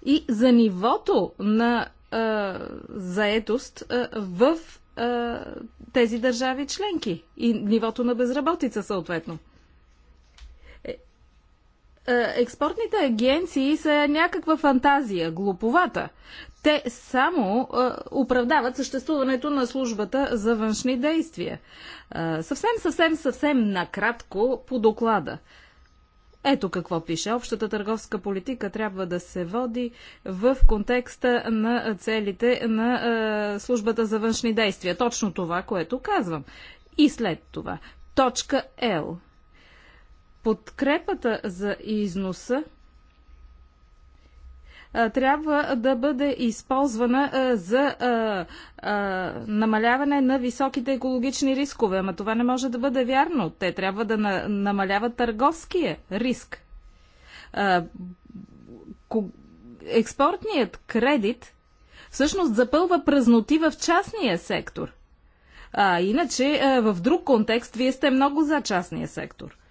и за нивото на а, заетост а, в а, тези държави членки и нивото на безработица съответно. Е, експортните агенции са някаква фантазия, глуповата. Те само е, оправдават съществуването на службата за външни действия. Е, съвсем, съвсем, съвсем накратко по доклада. Е, ето какво пише. Общата търговска политика трябва да се води в контекста на целите на е, службата за външни действия. Точно това, което казвам. И след това. Точка Л. Подкрепата за износа трябва да бъде използвана за намаляване на високите екологични рискове. Ама това не може да бъде вярно. Те трябва да намаляват търговския риск. Експортният кредит всъщност запълва празноти в частния сектор. А, иначе, в друг контекст, вие сте много за частния сектор –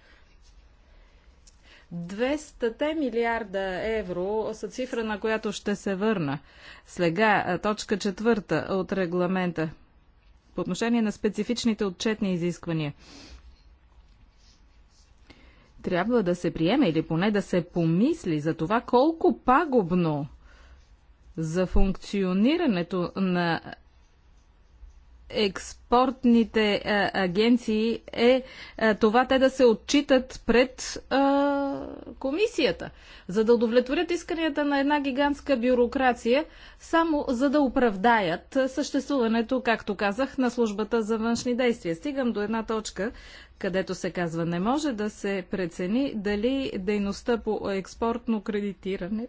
200 милиарда евро са цифра, на която ще се върна. Слега, точка четвърта от регламента по отношение на специфичните отчетни изисквания. Трябва да се приеме или поне да се помисли за това колко пагубно за функционирането на експортните а, агенции е а, това те да се отчитат пред а, комисията, за да удовлетворят исканията на една гигантска бюрокрация, само за да оправдаят съществуването, както казах, на службата за външни действия. Стигам до една точка, където се казва не може да се прецени дали дейността по експортно кредитиране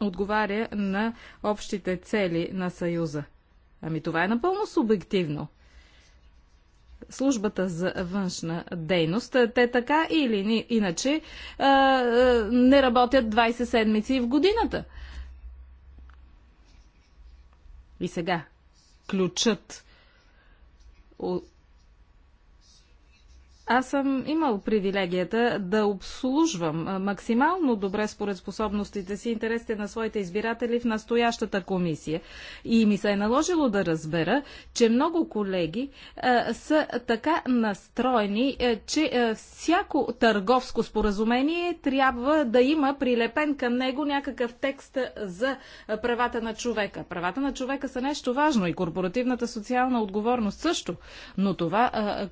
отговаря на общите цели на Съюза. Ами това е напълно субективно службата за външна дейност. Те така или иначе не работят 20 седмици в годината. И сега ключът аз съм имал привилегията да обслужвам максимално добре според способностите си интересите на своите избиратели в настоящата комисия. И ми се е наложило да разбера, че много колеги а, са така настроени, а, че а, всяко търговско споразумение трябва да има прилепен към него някакъв текст за правата на човека. Правата на човека са нещо важно и корпоративната социална отговорност също. Но това, а,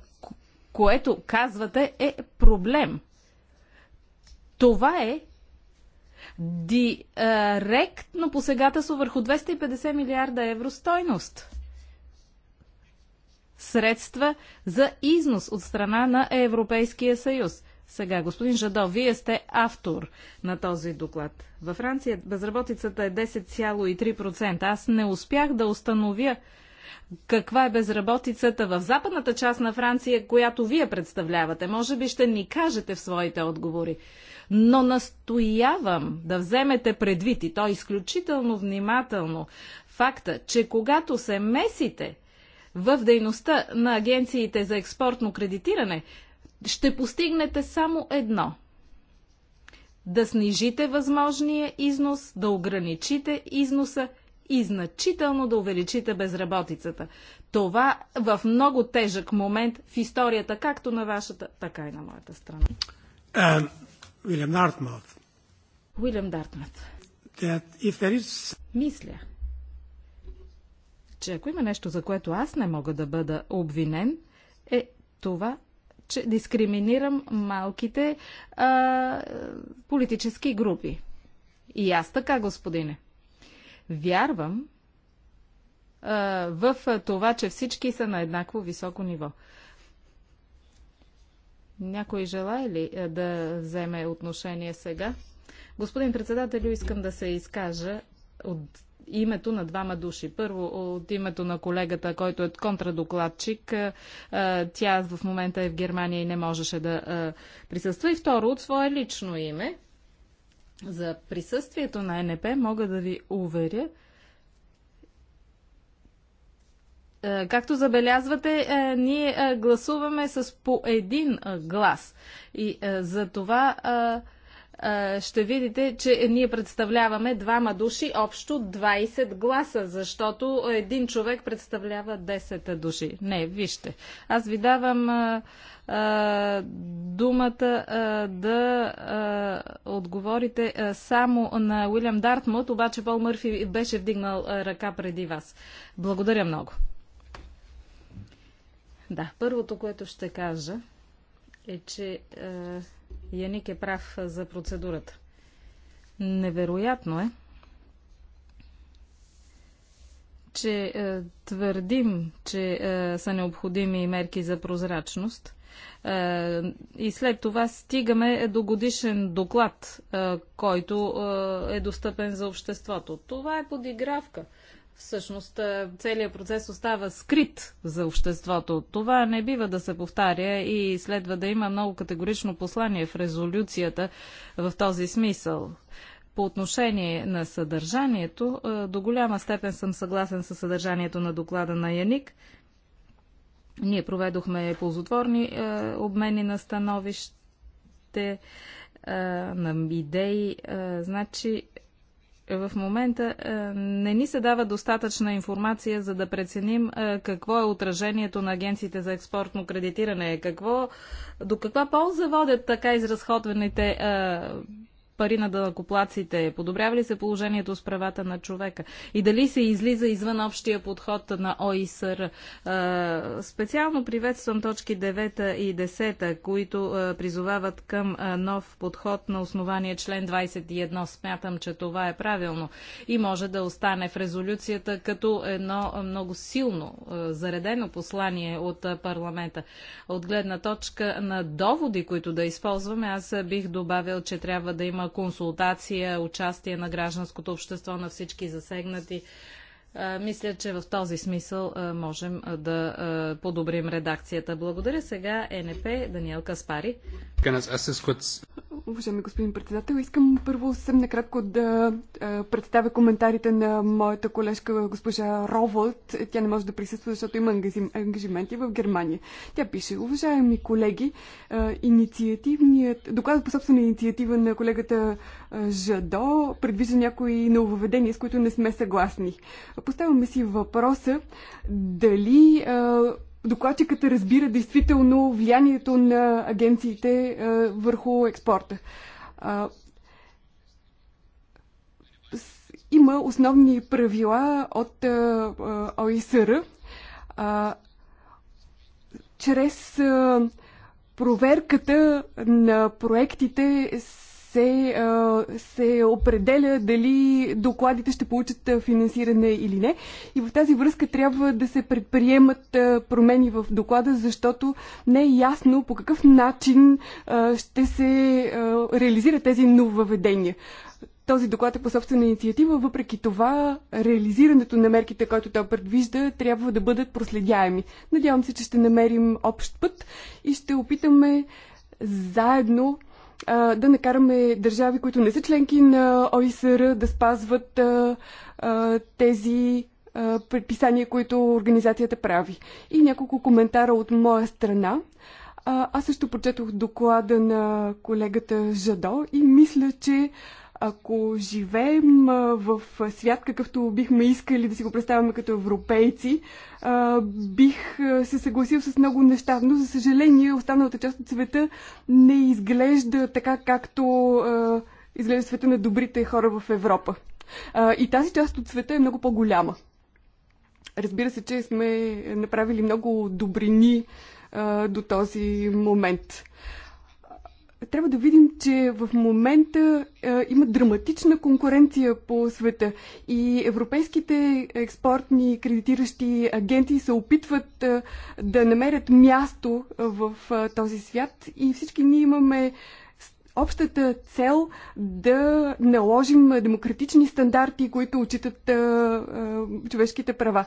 което казвате е проблем. Това е директно посегателство върху 250 милиарда евро стойност. Средства за износ от страна на Европейския съюз. Сега, господин Жадо, вие сте автор на този доклад. Във Франция безработицата е 10,3%. Аз не успях да установя каква е безработицата в западната част на Франция, която вие представлявате. Може би ще ни кажете в своите отговори. Но настоявам да вземете предвид, и то изключително внимателно, факта, че когато се месите в дейността на агенциите за експортно кредитиране, ще постигнете само едно – да снижите възможния износ, да ограничите износа и значително да увеличите безработицата. Това в много тежък момент в историята, както на вашата, така и на моята страна. Уилям Дартмут. Уилям Дартмут. Мисля, че ако има нещо, за което аз не мога да бъда обвинен, е това, че дискриминирам малките а, политически групи. И аз така, господине. Вярвам а, в това, че всички са на еднакво високо ниво. Някой желая ли да вземе отношение сега? Господин председателю, искам да се изкажа от името на двама души. Първо, от името на колегата, който е контрадокладчик. Тя в момента е в Германия и не можеше да присъства. И второ, от свое лично име. За присъствието на НП мога да ви уверя, е, Както забелязвате, е, ние е, гласуваме с по един глас. И за това ще видите, че ние представляваме двама души, общо 20 гласа, защото един човек представлява 10 души. Не, вижте. Аз ви давам а, а, думата а, да а, отговорите а, само на Уилям Дартмут, обаче Пол Мърфи беше вдигнал а, ръка преди вас. Благодаря много. Да, първото, което ще кажа е, че. А, Яник е прав за процедурата. Невероятно е, че е, твърдим, че е, са необходими мерки за прозрачност. Е, и след това стигаме до годишен доклад, е, който е, е достъпен за обществото. Това е подигравка. Всъщност е, целият процес остава скрит за обществото. Това не бива да се повтаря и следва да има много категорично послание в резолюцията в този смисъл. По отношение на съдържанието, е, до голяма степен съм съгласен с съдържанието на доклада на Яник. Ние проведохме ползотворни е, обмени на становище, на идеи. значи, е, в момента е, не ни се дава достатъчна информация, за да преценим е, какво е отражението на агенциите за експортно кредитиране, какво, до каква полза водят така изразходваните пари на дълъкоплаците? Подобрява ли се положението с правата на човека? И дали се излиза извън общия подход на ОИСР? Е, специално приветствам точки 9 и 10, които е, призовават към е, нов подход на основание член 21. Смятам, че това е правилно и може да остане в резолюцията като едно много силно заредено послание от парламента. От гледна точка на доводи, които да използваме, аз бих добавил, че трябва да има консултация, участие на гражданското общество, на всички засегнати мисля, че в този смисъл можем да подобрим редакцията. Благодаря сега НП Даниел Каспари. Уважаеми господин председател, искам първо съвсем накратко да представя коментарите на моята колежка госпожа Роволт. Тя не може да присъства, защото има ангажименти в Германия. Тя пише, уважаеми колеги, инициативният... докладът по собствена инициатива на колегата Жадо предвижда някои нововведения, с които не сме съгласни. Поставяме си въпроса дали докладчиката разбира действително влиянието на агенциите върху експорта. Има основни правила от ОИСР. Чрез проверката на проектите се, се определя дали докладите ще получат финансиране или не. И в тази връзка трябва да се предприемат промени в доклада, защото не е ясно по какъв начин ще се реализират тези нововведения този доклад е по собствена инициатива, въпреки това реализирането на мерките, които той предвижда, трябва да бъдат проследяеми. Надявам се, че ще намерим общ път и ще опитаме заедно да накараме държави, които не са членки на ОИСР, да спазват тези предписания, които организацията прави. И няколко коментара от моя страна. аз също прочетох доклада на колегата Жадо и мисля, че ако живеем в свят, какъвто бихме искали да си го представяме като европейци, бих се съгласил с много неща, но за съжаление останалата част от света не изглежда така, както изглежда света на добрите хора в Европа. И тази част от света е много по-голяма. Разбира се, че сме направили много добрини до този момент. Трябва да видим, че в момента е, има драматична конкуренция по света и европейските експортни кредитиращи агенти се опитват е, да намерят място е, в е, този свят и всички ние имаме общата цел да наложим демократични стандарти, които отчитат е, е, човешките права.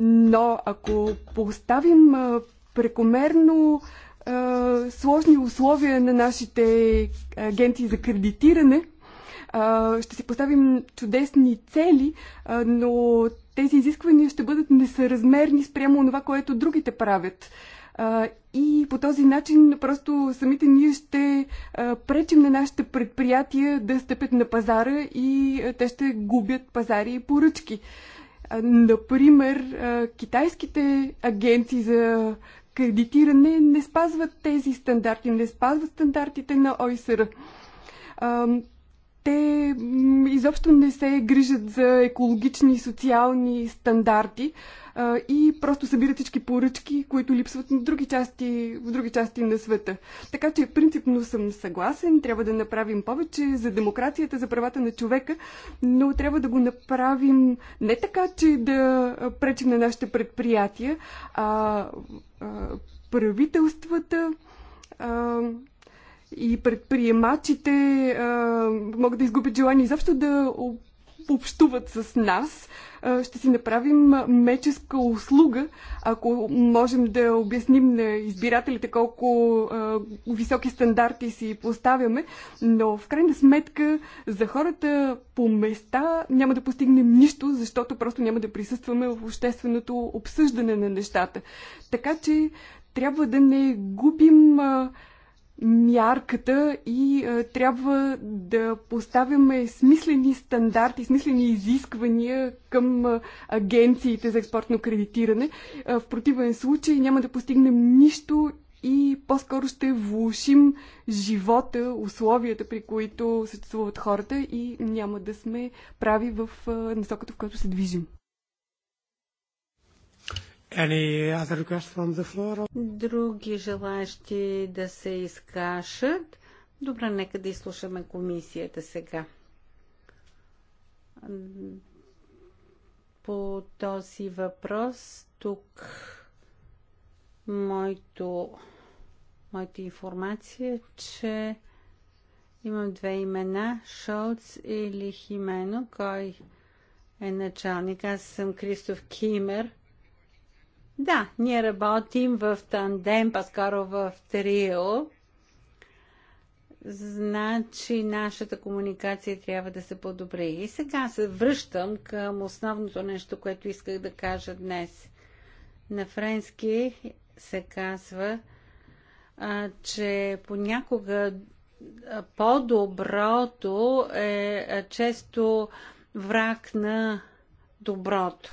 Но ако поставим е, прекомерно е, сложни условия на нашите агенции за кредитиране. Е, ще си поставим чудесни цели, е, но тези изисквания ще бъдат несъразмерни спрямо това, което другите правят. и по този начин просто самите ние ще пречим на нашите предприятия да стъпят на пазара и те ще губят пазари и поръчки. Например, китайските агенции за кредитиране не спазват тези стандарти, не спазват стандартите на ОИСР те изобщо не се грижат за екологични и социални стандарти а, и просто събират всички поръчки, които липсват на други части, в други части на света. Така че принципно съм съгласен, трябва да направим повече за демокрацията, за правата на човека, но трябва да го направим не така, че да пречим на нашите предприятия, а, а правителствата. А, и предприемачите а, могат да изгубят желание изобщо да общуват с нас. А, ще си направим меческа услуга, ако можем да обясним на избирателите колко а, високи стандарти си поставяме, но в крайна сметка за хората по места няма да постигнем нищо, защото просто няма да присъстваме в общественото обсъждане на нещата. Така че трябва да не губим а, мярката и а, трябва да поставяме смислени стандарти, смислени изисквания към а, агенциите за експортно кредитиране. А, в противен случай няма да постигнем нищо и по-скоро ще влушим живота, условията, при които съществуват хората и няма да сме прави в насоката, в която се движим. Any other request from the floor? Други желаящи да се изкашат? Добре, нека да изслушаме комисията сега. По този въпрос тук моето, моята информация е, че имам две имена, Шолц или Химено, кой е началник. Аз съм Кристоф Кимер – да, ние работим в тандем, по-скоро в трио. Значи нашата комуникация трябва да се подобри. И сега се връщам към основното нещо, което исках да кажа днес. На френски се казва, а, че понякога по-доброто е често враг на доброто.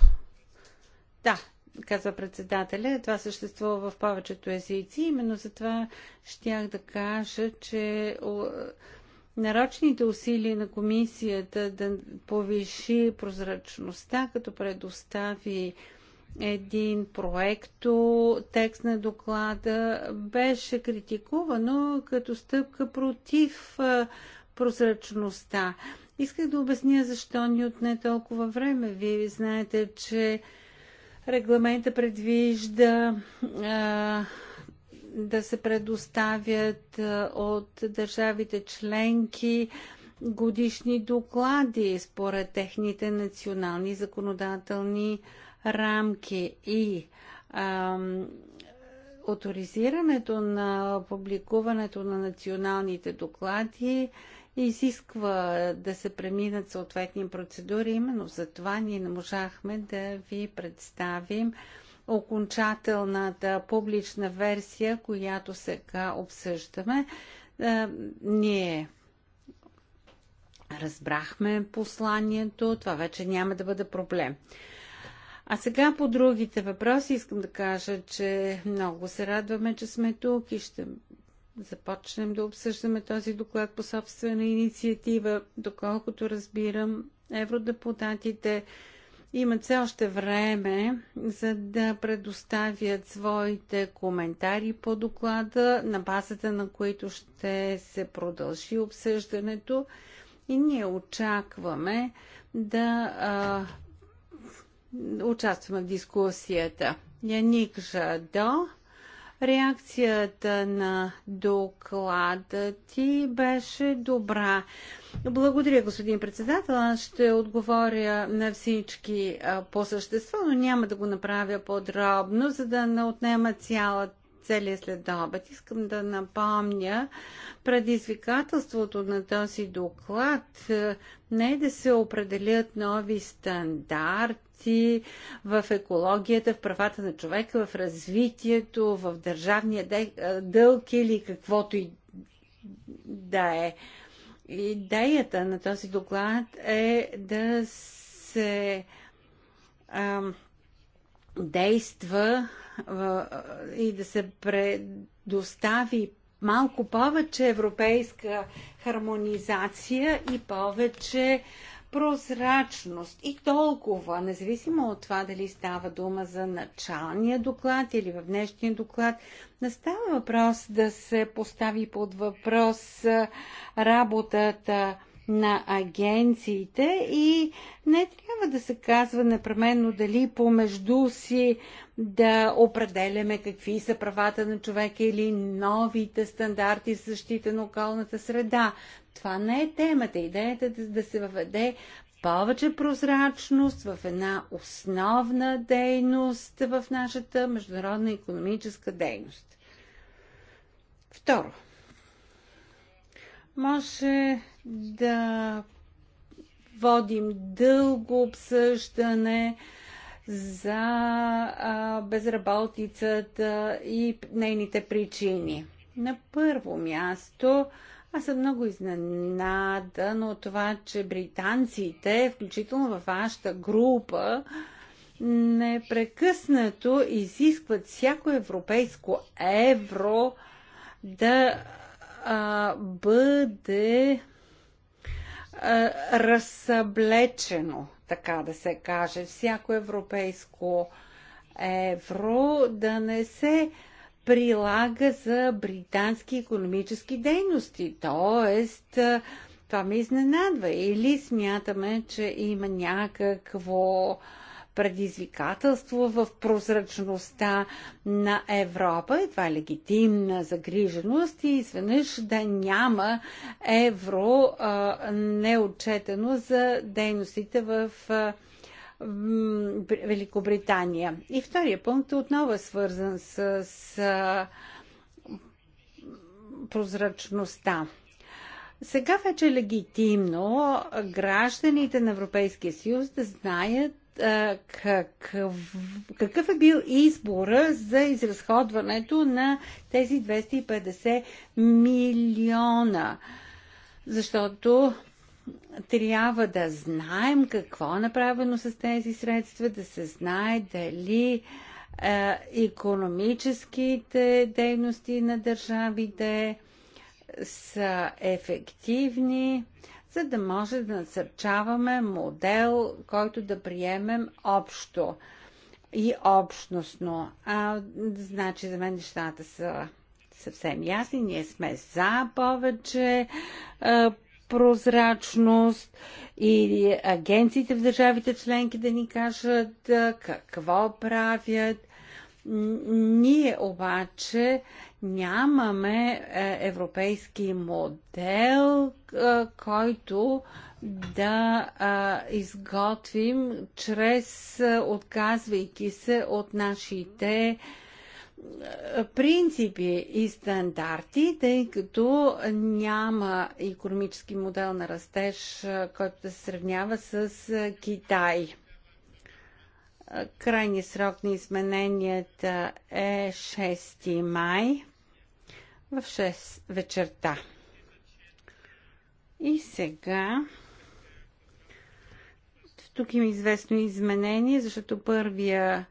Да, казва председателя, това съществува в повечето езици. Именно за това щях да кажа, че нарочните усилия на комисията да повиши прозрачността, като предостави един проекто текст на доклада беше критикувано като стъпка против прозрачността. Исках да обясня защо ни отне толкова време. Вие знаете, че Регламента предвижда а, да се предоставят а, от държавите членки годишни доклади според техните национални законодателни рамки и а, авторизирането на публикуването на националните доклади изисква да се преминат съответни процедури. Именно за това ние не можахме да ви представим окончателната публична версия, която сега обсъждаме. Е, ние разбрахме посланието, това вече няма да бъде проблем. А сега по другите въпроси искам да кажа, че много се радваме, че сме тук и ще започнем да обсъждаме този доклад по собствена инициатива. Доколкото разбирам, евродепутатите имат все още време, за да предоставят своите коментари по доклада, на базата на които ще се продължи обсъждането. И ние очакваме да а, участваме в дискусията. Яник Жадо Реакцията на доклада ти беше добра. Благодаря, господин председател. Аз ще отговоря на всички по същество, но няма да го направя подробно, за да не отнема цялата целия следобед. Искам да напомня, предизвикателството на този доклад е, не е да се определят нови стандарти в екологията, в правата на човека, в развитието, в държавния е, дълг или каквото и да е. Идеята на този доклад е да се ам, действа и да се предостави малко повече европейска хармонизация и повече прозрачност и толкова, независимо от това дали става дума за началния доклад или в днешния доклад, не става въпрос да се постави под въпрос работата на агенциите и не трябва да се казва непременно дали помежду си да определяме какви са правата на човека или новите стандарти за защита на околната среда. Това не е темата. Идеята е да се въведе повече прозрачност в една основна дейност в нашата международна економическа дейност. Второ, може да водим дълго обсъждане за безработицата и нейните причини. На първо място, аз съм много изненадан от това, че британците, включително във вашата група, непрекъснато изискват всяко европейско евро да а, бъде а, разсъблечено, така да се каже, всяко европейско евро да не се прилага за британски економически дейности. Тоест, това ме изненадва. Или смятаме, че има някакво а, предизвикателство в прозрачността на Европа. И това е легитимна загриженост и изведнъж да няма евро неотчетено за дейностите в Великобритания. И втория пункт е отново е свързан с, с прозрачността. Сега вече е легитимно гражданите на Европейския съюз да знаят какъв, какъв е бил избора за изразходването на тези 250 милиона? Защото трябва да знаем какво е направено с тези средства, да се знае дали е, економическите дейности на държавите са ефективни за да може да насърчаваме модел, който да приемем общо и общностно. А, значи за мен нещата са съвсем ясни. Ние сме за повече а, прозрачност и агенциите в държавите членки да ни кажат какво правят ние обаче нямаме е, европейски модел, е, който да е, изготвим чрез отказвайки се от нашите принципи и стандарти, тъй като няма економически модел на растеж, който да се сравнява с Китай. Крайният срок на измененията е 6 май в 6 вечерта. И сега тук има известно изменение, защото първия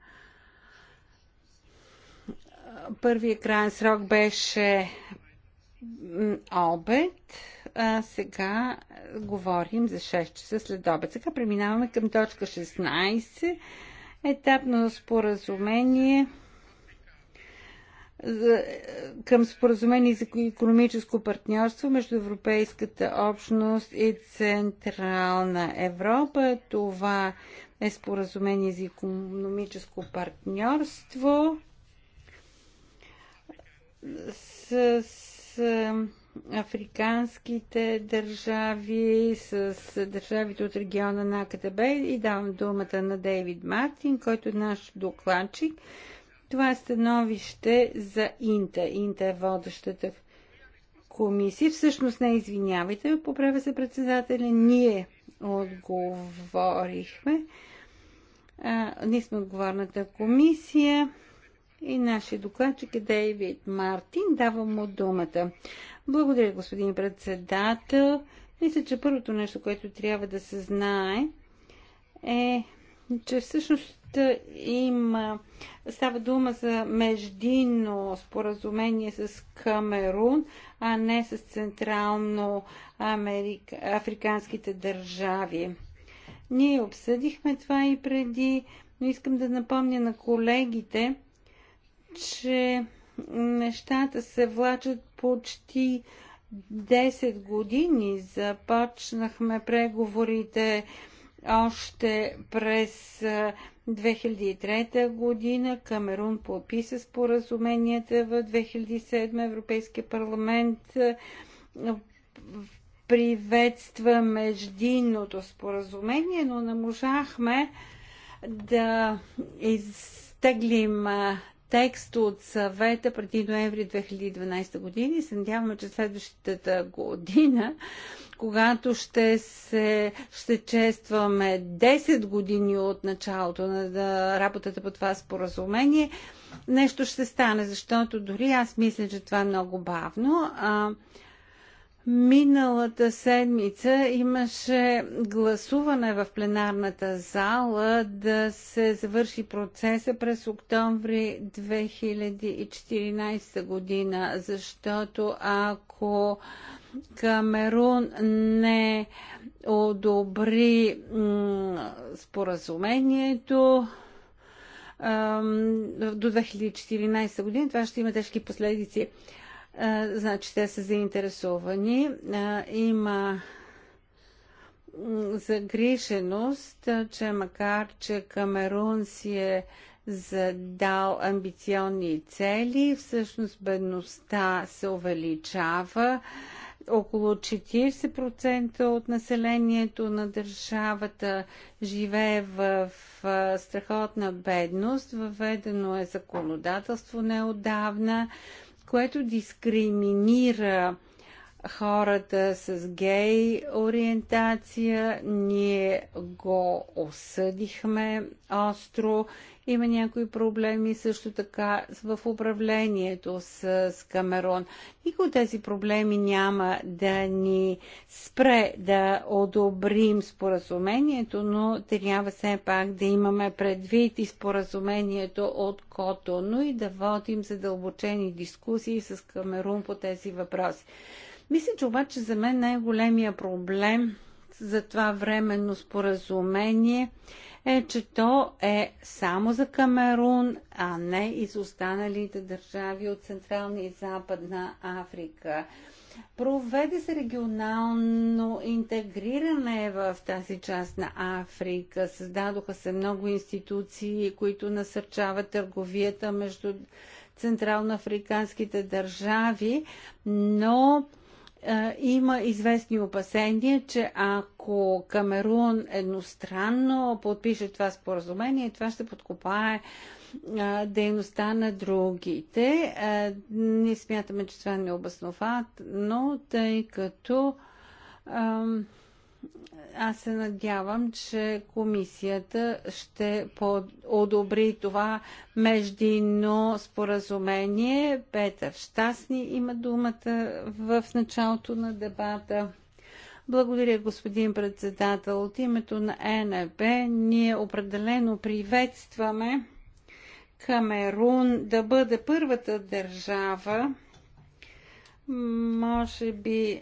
първия крайен срок беше обед, а сега говорим за 6 часа след обед. Сега преминаваме към точка 16 етапно споразумение към споразумение за економическо партньорство между Европейската общност и Централна Европа. Това е споразумение за економическо партньорство с, с африканските държави, с държавите от региона на АКТБ и давам думата на Дейвид Мартин, който е наш докладчик. Това е становище за Инта. Инта е водещата в комисия. Всъщност не извинявайте, поправя се председателя. Ние отговорихме. А, ние сме отговорната комисия и нашия докладчик е Дейвид Мартин. Давам му думата. Благодаря, господин председател. Мисля, че първото нещо, което трябва да се знае е, че всъщност има, става дума за междинно споразумение с Камерун, а не с централно африканските държави. Ние обсъдихме това и преди, но искам да напомня на колегите, че нещата се влачат почти 10 години. Започнахме преговорите още през 2003 година. Камерун подписа споразуменията в 2007 Европейския парламент приветства междинното споразумение, но не можахме да изтеглим текст от съвета преди ноември 2012 година и се надяваме, че следващата година, когато ще, се, ще честваме 10 години от началото на работата по това споразумение, нещо ще стане, защото дори аз мисля, че това е много бавно. А, Миналата седмица имаше гласуване в пленарната зала да се завърши процеса през октомври 2014 година, защото ако Камерун не одобри споразумението, до 2014 година това ще има тежки последици значи те са заинтересовани. Има загриженост, че макар, че Камерун си е задал амбиционни цели, всъщност бедността се увеличава. Около 40% от населението на държавата живее в страхотна бедност. Въведено е законодателство неодавна което дискриминира хората с гей ориентация. Ние го осъдихме остро има някои проблеми също така в управлението с, с Камерон. Никой от тези проблеми няма да ни спре да одобрим споразумението, но трябва все пак да имаме предвид и споразумението от Кото, но и да водим задълбочени дискусии с Камерун по тези въпроси. Мисля, че обаче за мен най-големия проблем за това временно споразумение е, че то е само за Камерун, а не и за останалите държави от Централна и Западна Африка. Проведе се регионално интегриране в тази част на Африка. Създадоха се много институции, които насърчават търговията между централноафриканските държави, но е, има известни опасения, че ако Камерун едностранно подпише това споразумение, това ще подкопае е, дейността на другите. Ние смятаме, че това не е обосновано, тъй като аз се надявам, че комисията ще одобри това междинно споразумение. Петър Щастни има думата в началото на дебата. Благодаря, господин председател. От името на НРП, ние определено приветстваме Камерун да бъде първата държава. Може би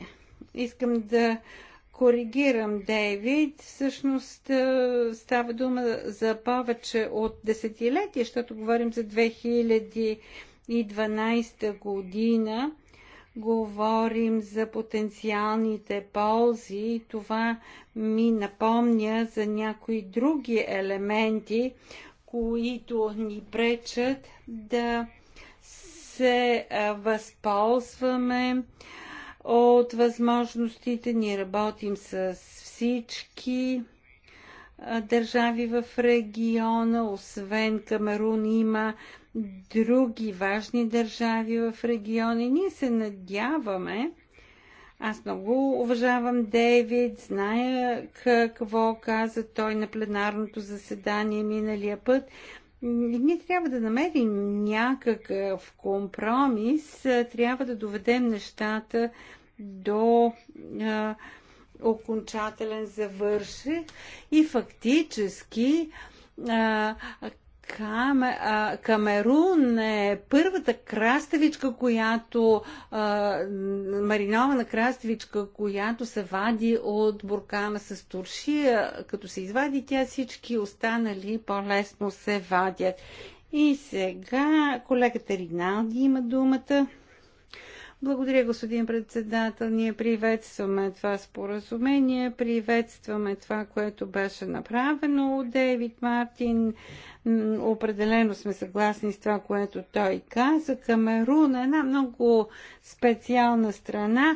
искам да коригирам Дейвид. Всъщност е, става дума за повече от десетилетия, защото говорим за 2012 година. Говорим за потенциалните ползи и това ми напомня за някои други елементи, които ни пречат да се е, възползваме от възможностите. Ние работим с всички държави в региона, освен Камерун има други важни държави в региона и ние се надяваме, аз много уважавам Дейвид, зная какво каза той на пленарното заседание миналия път. Ние трябва да намерим някакъв компромис, трябва да доведем нещата до а, окончателен завършек и фактически а, Камерун е първата краставичка, която а, маринована краставичка, която се вади от буркана с туршия. Като се извади тя, всички останали по-лесно се вадят. И сега колегата Риналди има думата. Благодаря, господин председател. Ние приветстваме това споразумение, приветстваме това, което беше направено от Дейвид Мартин. Определено сме съгласни с това, което той каза. Камерун е една много специална страна.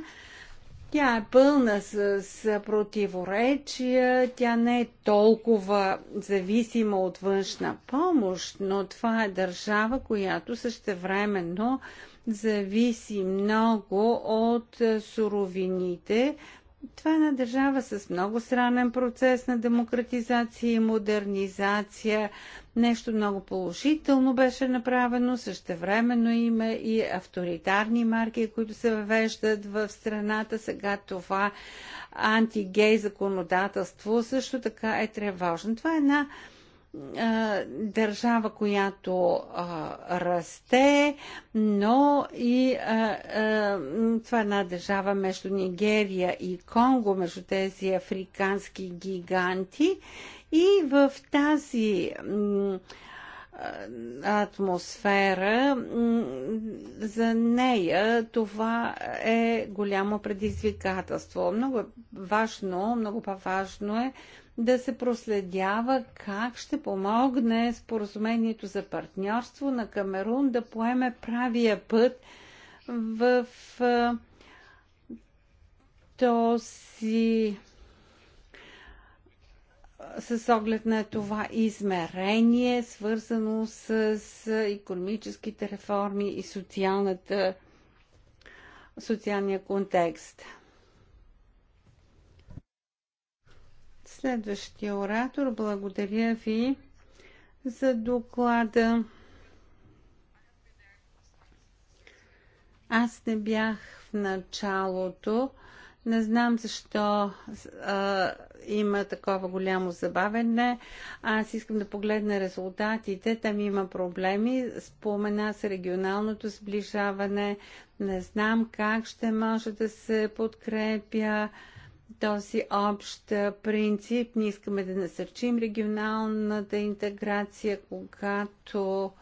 Тя е пълна с, с противоречия, тя не е толкова зависима от външна помощ, но това е държава, която същевременно времено зависи много от е, суровините. Това е една държава с много странен процес на демократизация и модернизация. Нещо много положително беше направено, същевременно има и авторитарни марки, които се въвеждат в страната. Сега това антигей законодателство също така е тревожно. Това е една държава, която а, расте, но и а, а, това е една държава между Нигерия и Конго, между тези африкански гиганти. И в тази атмосфера, за нея това е голямо предизвикателство. Много е важно, много по-важно е да се проследява как ще помогне споразумението за партньорство на Камерун да поеме правия път в този с оглед на това измерение, свързано с економическите реформи и социалната, социалния контекст. Следващия оратор, благодаря ви за доклада. Аз не бях в началото. Не знам защо а, има такова голямо забавене. Аз искам да погледна резултатите. Там има проблеми. Спомена се регионалното сближаване. Не знам как ще може да се подкрепя този общ принцип. Ние искаме да насърчим регионалната интеграция, когато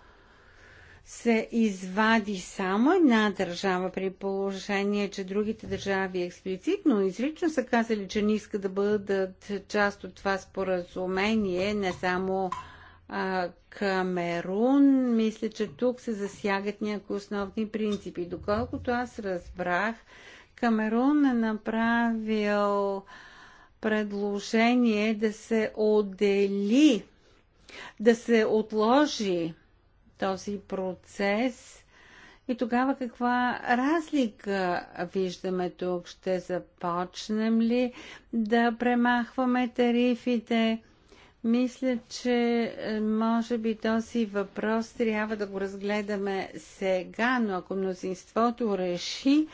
се извади само една държава при положение, че другите държави експлицитно изрично са казали, че не искат да бъдат част от това споразумение, не само а, Камерун. Мисля, че тук се засягат някои основни принципи. Доколкото аз разбрах, Камерун е направил предложение да се отдели, да се отложи този процес. И тогава каква разлика виждаме тук? Ще започнем ли да премахваме тарифите? Мисля, че е, може би този въпрос трябва да го разгледаме сега, но ако мнозинството реши,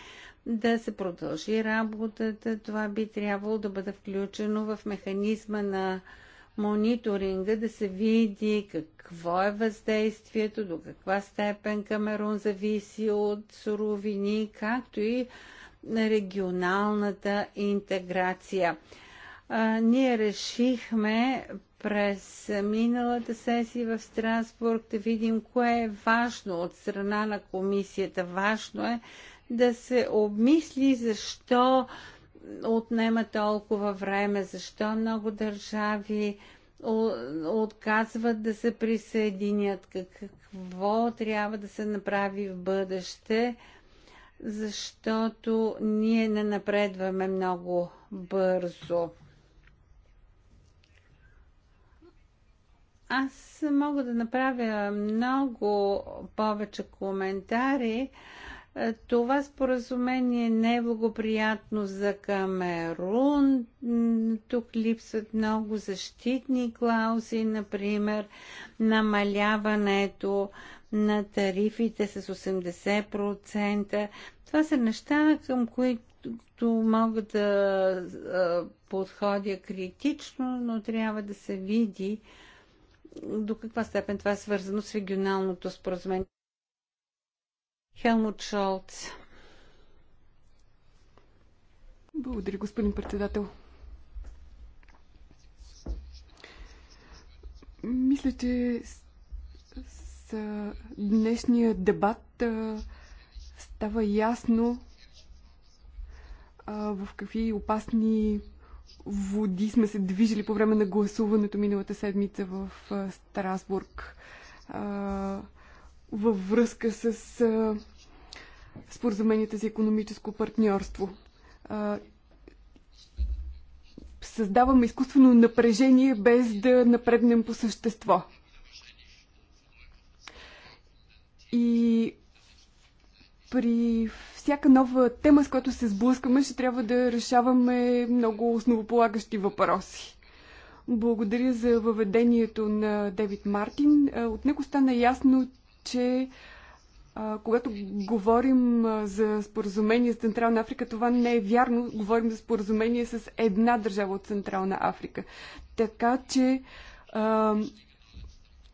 да се продължи работата. Това би трябвало да бъде включено в механизма на мониторинга, да се види какво е въздействието, до каква степен Камерун зависи от суровини, както и на регионалната интеграция. А, ние решихме през миналата сесия в Страсбург да видим кое е важно от страна на комисията. Важно е да се обмисли защо отнема толкова време, защо много държави отказват да се присъединят, какво трябва да се направи в бъдеще, защото ние не напредваме много бързо. Аз мога да направя много повече коментари, е, това споразумение не е благоприятно за Камерун. Тук липсват много защитни клаузи, например намаляването на тарифите с 80%. Това са неща, към които мога да е, подходя критично, но трябва да се види до каква степен това е свързано с регионалното споразумение. Хелмут Шолц. Благодаря, господин председател. Мисля, че с днешния дебат става ясно в какви опасни води сме се движили по време на гласуването миналата седмица в Страсбург във връзка с а, споразуменията за економическо партньорство. А, създаваме изкуствено напрежение без да напреднем по същество. И при всяка нова тема, с която се сблъскаме, ще трябва да решаваме много основополагащи въпроси. Благодаря за въведението на Девид Мартин. От него стана ясно, че а, когато говорим за споразумение с Централна Африка, това не е вярно. Говорим за споразумение с една държава от Централна Африка. Така че а,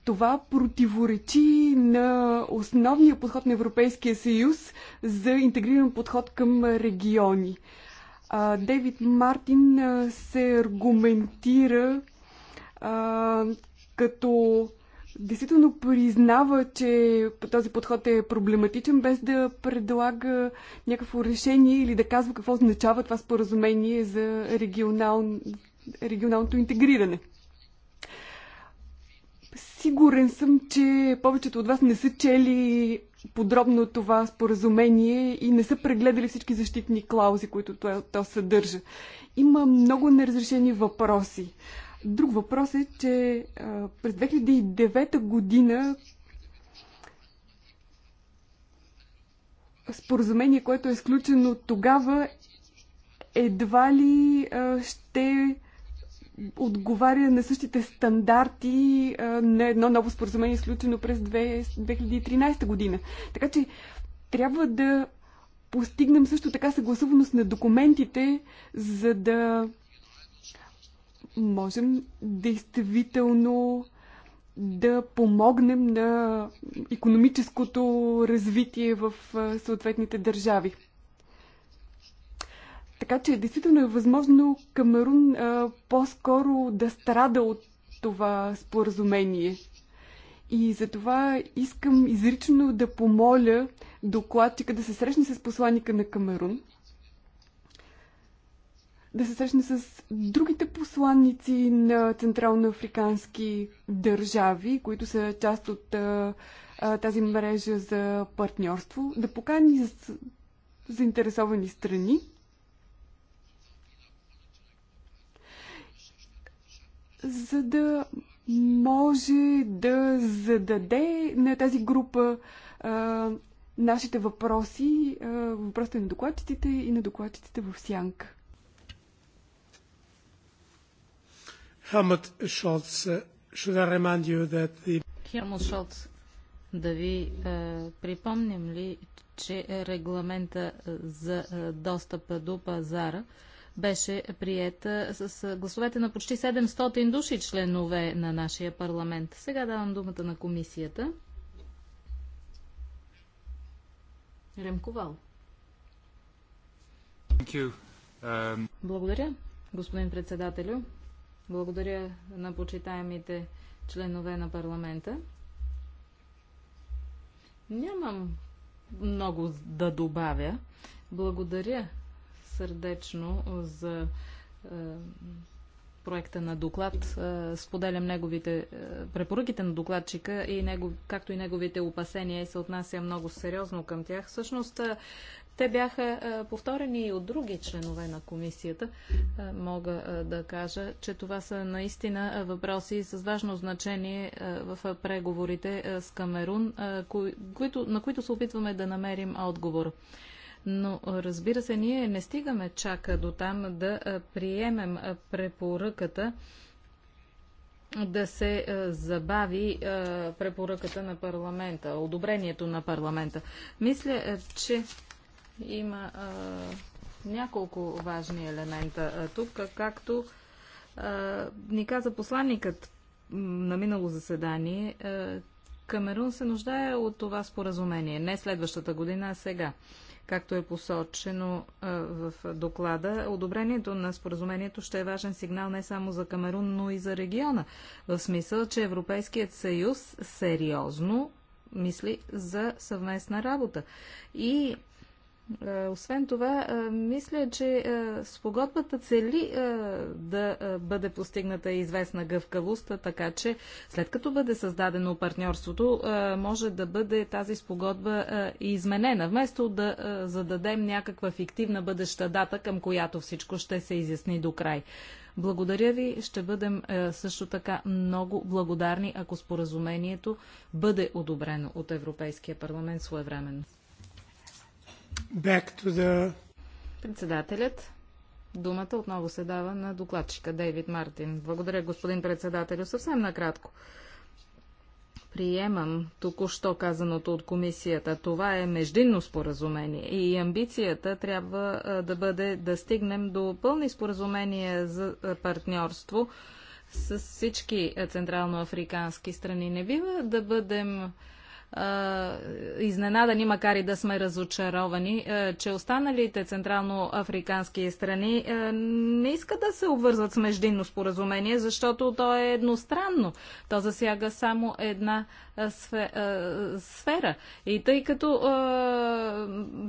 това противоречи на основния подход на Европейския съюз за интегриран подход към региони. А, Дейвид Мартин а, се аргументира а, като действително признава, че този подход е проблематичен, без да предлага някакво решение или да казва какво означава това споразумение за регионал... регионалното интегриране. Сигурен съм, че повечето от вас не са чели подробно това споразумение и не са прегледали всички защитни клаузи, които то, то съдържа. Има много неразрешени въпроси. Друг въпрос е, че през 2009 година споразумение, което е изключено тогава, едва ли ще отговаря на същите стандарти на едно ново споразумение, изключено през 2013 година. Така че трябва да постигнем също така съгласуваност на документите, за да можем действително да помогнем на економическото развитие в съответните държави. Така че действително е възможно Камерун по-скоро да страда от това споразумение. И затова искам изрично да помоля докладчика да се срещне с посланика на Камерун – да се срещне с другите посланници на централноафрикански държави, които са част от а, тази мрежа за партньорство, да покани с заинтересовани страни. За да може да зададе на тази група а, нашите въпроси, а, въпросите на докладчиците и на докладчиците в сянка. Helmut Scholz, uh, should I remind you that the... Хелмут Шолц, да ви е, припомним ли, че регламента е, за е, достъпа до пазара беше приета с гласовете на почти 700 души членове на нашия парламент. Сега давам думата на комисията. Ремковал. Um... Благодаря, господин председателю. Благодаря на почитаемите членове на парламента. Нямам много да добавя. Благодаря сърдечно за е, проекта на доклад. Е, споделям неговите е, препоръките на докладчика и негов, както и неговите опасения и се отнася много сериозно към тях. Всъщност е, те бяха повторени и от други членове на комисията. Мога да кажа, че това са наистина въпроси с важно значение в преговорите с Камерун, на които се опитваме да намерим отговор. Но разбира се, ние не стигаме чака до там да приемем препоръката да се забави препоръката на парламента, одобрението на парламента. Мисля, че има а, няколко важни елемента а, тук, както а, ни каза посланникът на минало заседание, а, Камерун се нуждае от това споразумение. Не следващата година, а сега. Както е посочено а, в доклада, одобрението на споразумението ще е важен сигнал не само за Камерун, но и за региона. В смисъл, че Европейският съюз сериозно мисли за съвместна работа. И е, освен това, е, мисля, че е, спогодбата цели да бъде постигната известна гъвкавост, така че след като бъде създадено партньорството, може да бъде тази спогодба изменена, вместо да зададем някаква фиктивна бъдеща дата, към която всичко ще се изясни до край. Благодаря ви. Ще бъдем също така много благодарни, ако споразумението бъде одобрено от Европейския парламент своевременно. Back to the... Председателят. Думата отново се дава на докладчика Дейвид Мартин. Благодаря, господин председателю. Съвсем накратко. Приемам току-що казаното от комисията. Това е междинно споразумение и амбицията трябва да бъде да стигнем до пълни споразумения за партньорство с всички централноафрикански страни. Не бива да бъдем изненадани, макар и да сме разочаровани, че останалите централно-африкански страни не искат да се обвързват с междинно споразумение, защото то е едностранно. То засяга само една сфера. И тъй като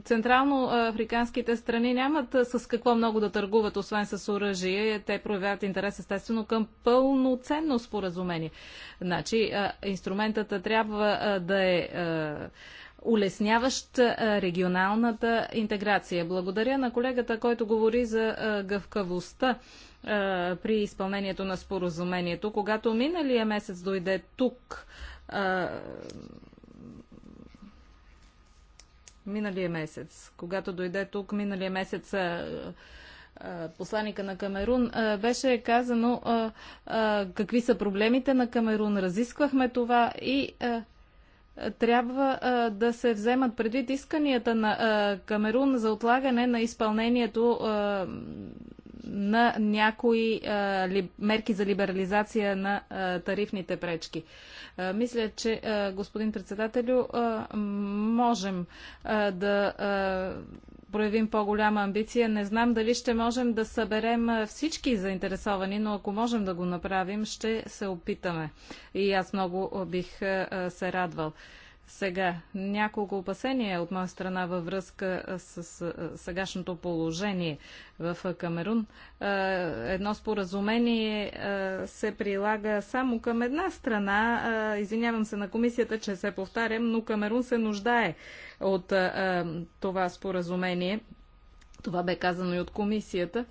централно-африканските страни нямат с какво много да търгуват, освен с оръжие, те проявяват интерес естествено към пълноценно споразумение. Значи, инструментът трябва да е бъде улесняващ е, регионалната интеграция. Благодаря на колегата, който говори за е, гъвкавостта е, при изпълнението на споразумението. Когато миналия месец дойде тук, миналия месец, когато дойде тук миналия месец посланика на Камерун, беше казано какви са проблемите на Камерун. Разисквахме това и трябва а, да се вземат предвид исканията на а, Камерун за отлагане на изпълнението а, на някои ли, мерки за либерализация на тарифните пречки. Мисля, че, господин председателю, можем да проявим по-голяма амбиция. Не знам дали ще можем да съберем всички заинтересовани, но ако можем да го направим, ще се опитаме. И аз много бих се радвал. Сега, няколко опасения от моя страна във връзка с сегашното положение в Камерун. Едно споразумение се прилага само към една страна. Извинявам се на комисията, че се повтарям, но Камерун се нуждае от това споразумение. Това бе казано и от комисията.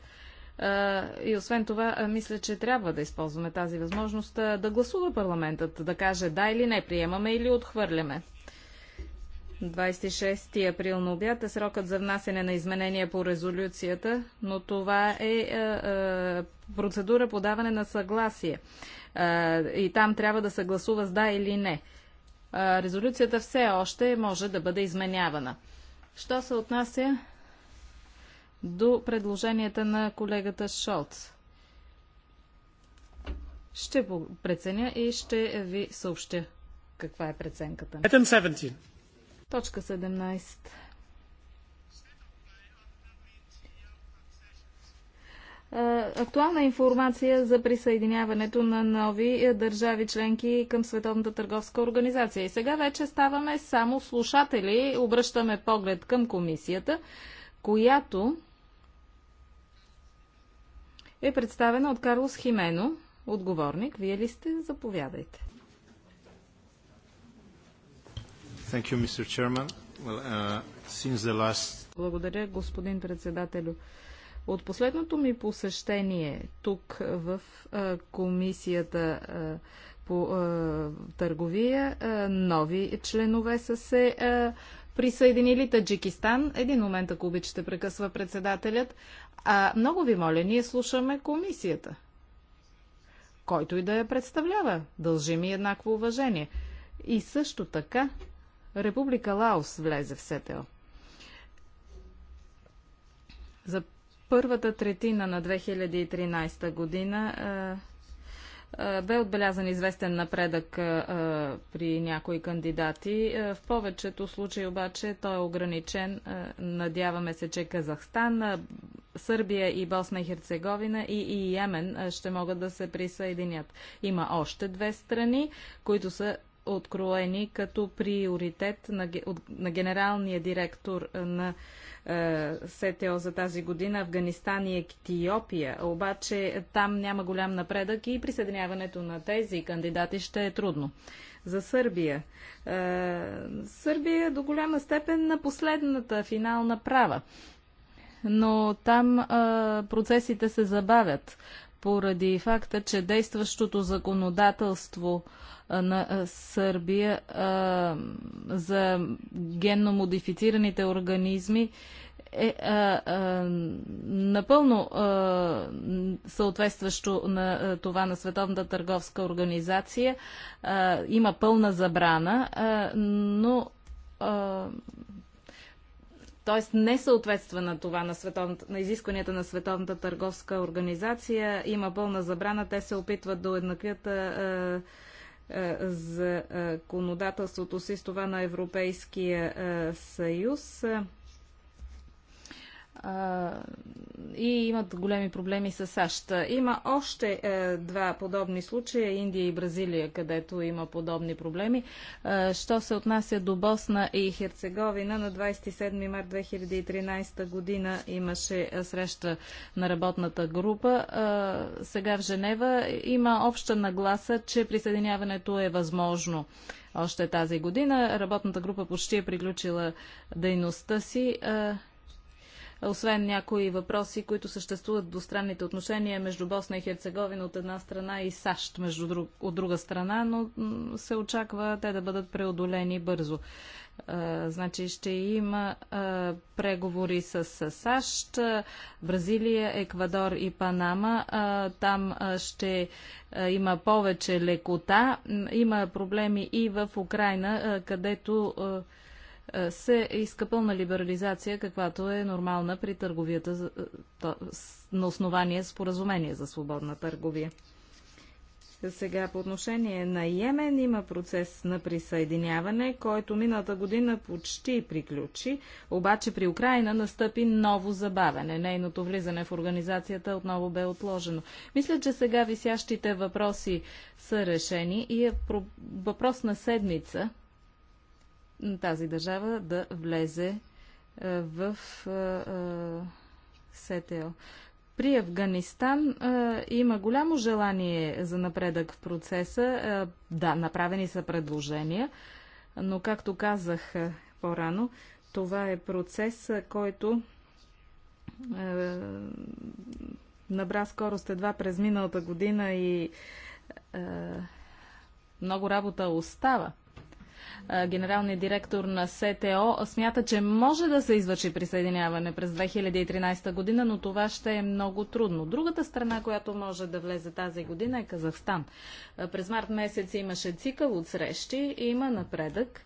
И освен това, мисля, че трябва да използваме тази възможност да гласува парламентът, да каже да или не, приемаме или отхвърляме. 26 април на обяд е срокът за внасене на изменения по резолюцията, но това е, е, е процедура по даване на съгласие. Е, и там трябва да се гласува с да или не. Резолюцията все още може да бъде изменявана. Що се отнася до предложенията на колегата Шолц. Ще преценя и ще ви съобщя каква е преценката. Точка 17. актуална информация за присъединяването на нови е, държави членки към Световната търговска организация. И сега вече ставаме само слушатели, обръщаме поглед към комисията, която е представена от Карлос Химено. Отговорник, вие ли сте? Заповядайте. Thank you, Mr. Chairman. Well, uh, since the last... Благодаря, господин председателю. От последното ми посещение тук в комисията по търговия, нови членове са се присъединили Таджикистан. Един момент, ако обичате, прекъсва председателят. А, много ви моля, ние слушаме комисията. Който и да я представлява, дължи ми еднакво уважение. И също така, Република Лаос влезе в СТО. За първата третина на 2013 година е, бе отбелязан известен напредък е, е, при някои кандидати. В повечето случаи обаче той е ограничен. Надяваме се, че Казахстан, Сърбия и Босна и Херцеговина и, и Йемен ще могат да се присъединят. Има още две страни, които са откроени като приоритет на, на генералния директор на е, СТО за тази година Афганистан и Етиопия. Обаче там няма голям напредък и присъединяването на тези кандидати ще е трудно. За Сърбия. Е, Сърбия до голяма степен на последната финална права но там а, е, процесите се забавят поради факта, че действащото законодателство на Сърбия за генно модифицираните организми е а, а, напълно а, съответстващо на а, това на Световната търговска организация. А, има пълна забрана, а, но т.е. не съответства на това на, на изискванията на Световната търговска организация. Има пълна забрана. Те се опитват да уеднаквят е, е, е, законодателството си с това на Европейския е, съюз и имат големи проблеми с САЩ. Има още е, два подобни случая Индия и Бразилия, където има подобни проблеми. що се отнася до Босна и Херцеговина, на 27 март 2013 година имаше е, среща на работната група. сега в Женева има обща нагласа, че присъединяването е възможно още тази година. Работната група почти е приключила дейността си освен някои въпроси, които съществуват до странните отношения между Босна и Херцеговина от една страна и САЩ между друг, от друга страна, но се очаква те да бъдат преодолени бързо. значи ще има преговори с, САЩ, Бразилия, Еквадор и Панама. там ще има повече лекота. Има проблеми и в Украина, където е, се е иска пълна либерализация, каквато е нормална при търговията е, на основание споразумение за свободна търговия. Сега по отношение на Йемен има процес на присъединяване, който миналата година почти приключи, обаче при Украина настъпи ново забавене. Нейното влизане в организацията отново бе отложено. Мисля, че сега висящите въпроси са решени и е въпрос на седмица тази държава да влезе е, в е, е, СТО. При Афганистан а, има голямо желание за напредък в процеса. А, да, направени са предложения, но както казах по-рано, това е процес, а, който а, набра скорост едва през миналата година и а, много работа остава генералният директор на СТО, смята, че може да се извърши присъединяване през 2013 година, но това ще е много трудно. Другата страна, която може да влезе тази година е Казахстан. През март месец имаше цикъл от срещи и има напредък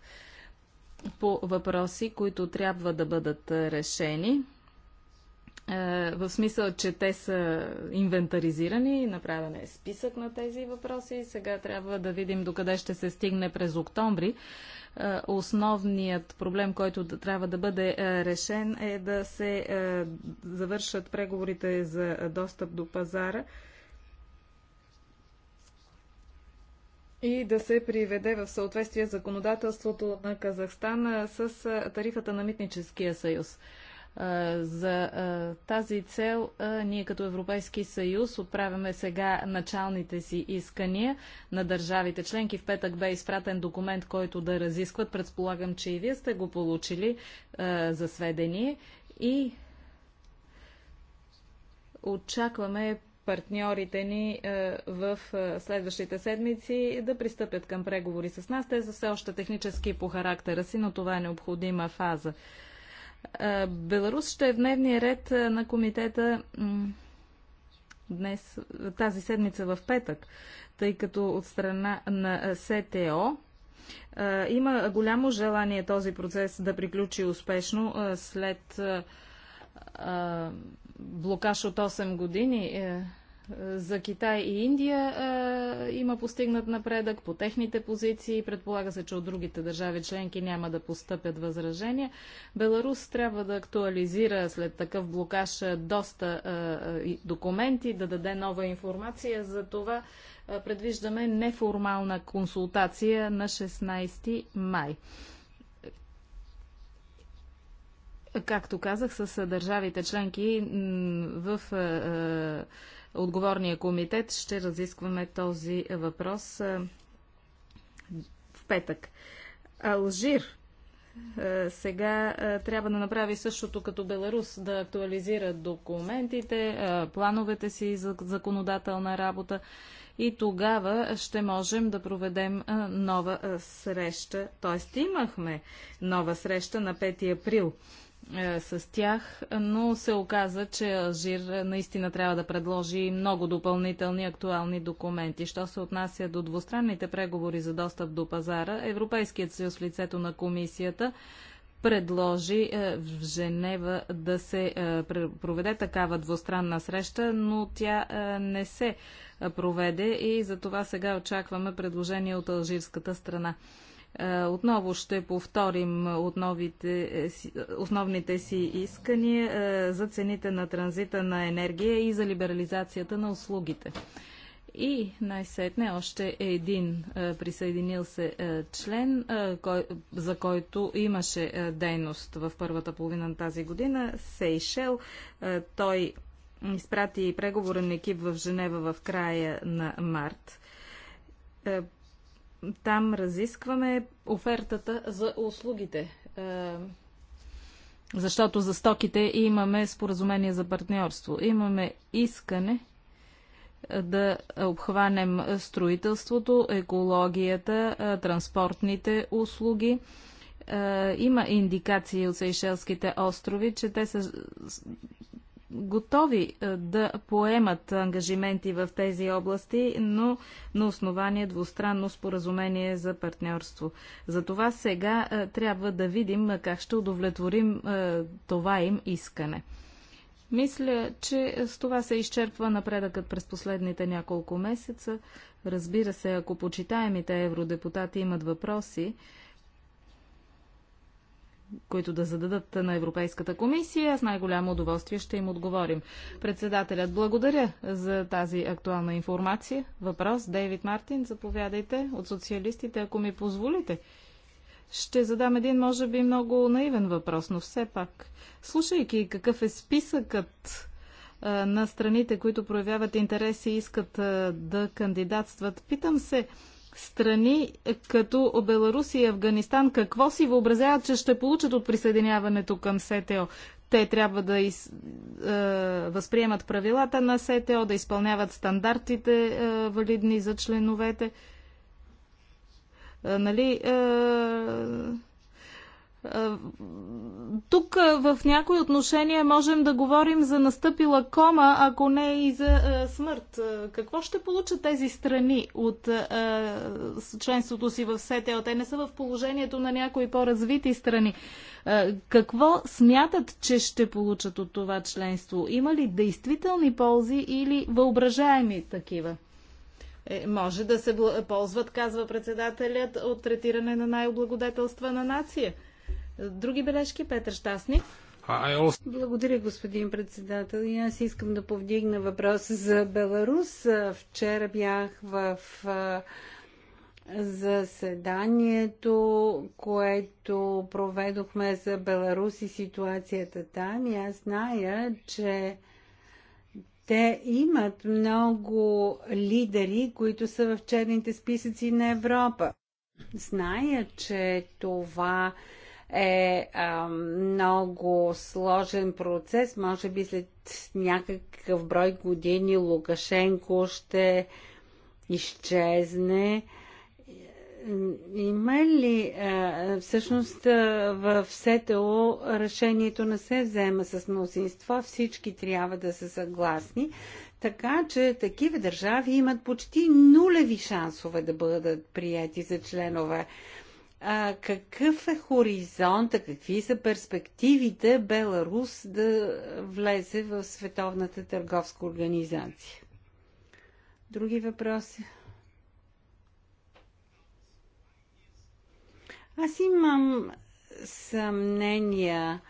по въпроси, които трябва да бъдат решени. Е, в смисъл, че те са инвентаризирани, направен е списък на тези въпроси. Сега трябва да видим докъде ще се стигне през октомври. Е, основният проблем, който трябва да бъде е, решен е да се завършат преговорите за достъп до пазара и да се приведе в съответствие законодателството на Казахстан с тарифата на Митническия съюз. За тази цел ние като Европейски съюз отправяме сега началните си искания на държавите членки. В петък бе изпратен документ, който да разискват. Предполагам, че и вие сте го получили за сведение. И очакваме партньорите ни в следващите седмици да пристъпят към преговори с нас. Те са все още технически по характера си, но това е необходима фаза. Беларус ще е в дневния ред на комитета днес, тази седмица в петък, тъй като от страна на СТО има голямо желание този процес да приключи успешно след блокаж от 8 години е, за Китай и Индия а, има постигнат напредък по техните позиции. Предполага се, че от другите държави членки няма да постъпят възражения. Беларус трябва да актуализира след такъв блокаж доста а, документи, да даде нова информация. За това предвиждаме неформална консултация на 16 май. Както казах, с държавите членки в. а, отговорния комитет ще разискваме този въпрос в петък. Алжир сега трябва да направи същото като Беларус, да актуализира документите, плановете си за законодателна работа и тогава ще можем да проведем нова среща. Тоест имахме нова среща на 5 април е, с тях, но се оказа, че Алжир наистина трябва да предложи много допълнителни актуални документи. Що се отнася до двустранните преговори за достъп до пазара, Европейският съюз лицето на комисията предложи е, в Женева да се е, проведе такава двустранна среща, но тя е, не се е, проведе и за това сега очакваме предложение от алжирската страна. Е, отново ще повторим отновите, е, е, основните си искания за цените на транзита на енергия и за либерализацията на услугите. И най-сетне още един присъединил се член, за който имаше дейност в първата половина на тази година, Сейшел. Той изпрати преговорен екип в Женева в края на март там разискваме офертата за услугите. Е, защото за стоките имаме споразумение за партньорство. Имаме искане е, да обхванем строителството, екологията, е, транспортните услуги. Има индикации от Сейшелските острови, че те са готови е, да поемат ангажименти в тези области, но на основание двустранно споразумение за партньорство. Затова сега е, трябва да видим е, как ще удовлетворим това им искане. Мисля, че с това се изчерпва напредъкът през последните няколко месеца. Разбира се, ако почитаемите евродепутати имат въпроси, които да зададат на Европейската комисия. С най-голямо удоволствие ще им отговорим. Председателят, благодаря за тази актуална информация. Въпрос, Дейвид Мартин, заповядайте от социалистите, ако ми позволите. Ще задам един, може би, много наивен въпрос, но все пак, слушайки какъв е списъкът на страните, които проявяват интерес и искат да кандидатстват, питам се, страни като Беларус и Афганистан, какво си въобразяват, че ще получат от присъединяването към СТО? Те трябва да из, е, възприемат правилата на СТО, да изпълняват стандартите е, валидни за членовете. Е, нали? Е, тук в някои отношения можем да говорим за настъпила кома, ако не и за смърт. Какво ще получат тези страни от членството си в СТО? Те не са в положението на някои по-развити страни. какво смятат, че ще получат от това членство? Има ли действителни ползи или въображаеми такива? Е, може да се ползват, казва председателят, от третиране на най-облагодетелства на нация. Други бележки, Петър Щастник. Благодаря, господин председател. И аз искам да повдигна въпроса за Беларус. Вчера бях в заседанието, което проведохме за Беларус и ситуацията там. И аз зная, че те имат много лидери, които са в черните списъци на Европа. Зная, че това е а, много сложен процес. Може би след някакъв брой години Лукашенко ще изчезне. Има ли а, всъщност в СТО решението не се взема с мнозинство, всички трябва да са съгласни, така че такива държави имат почти нулеви шансове да бъдат прияти за членове а, какъв е хоризонта, какви са перспективите Беларус да влезе в Световната търговска организация? Други въпроси? Аз имам съмнения.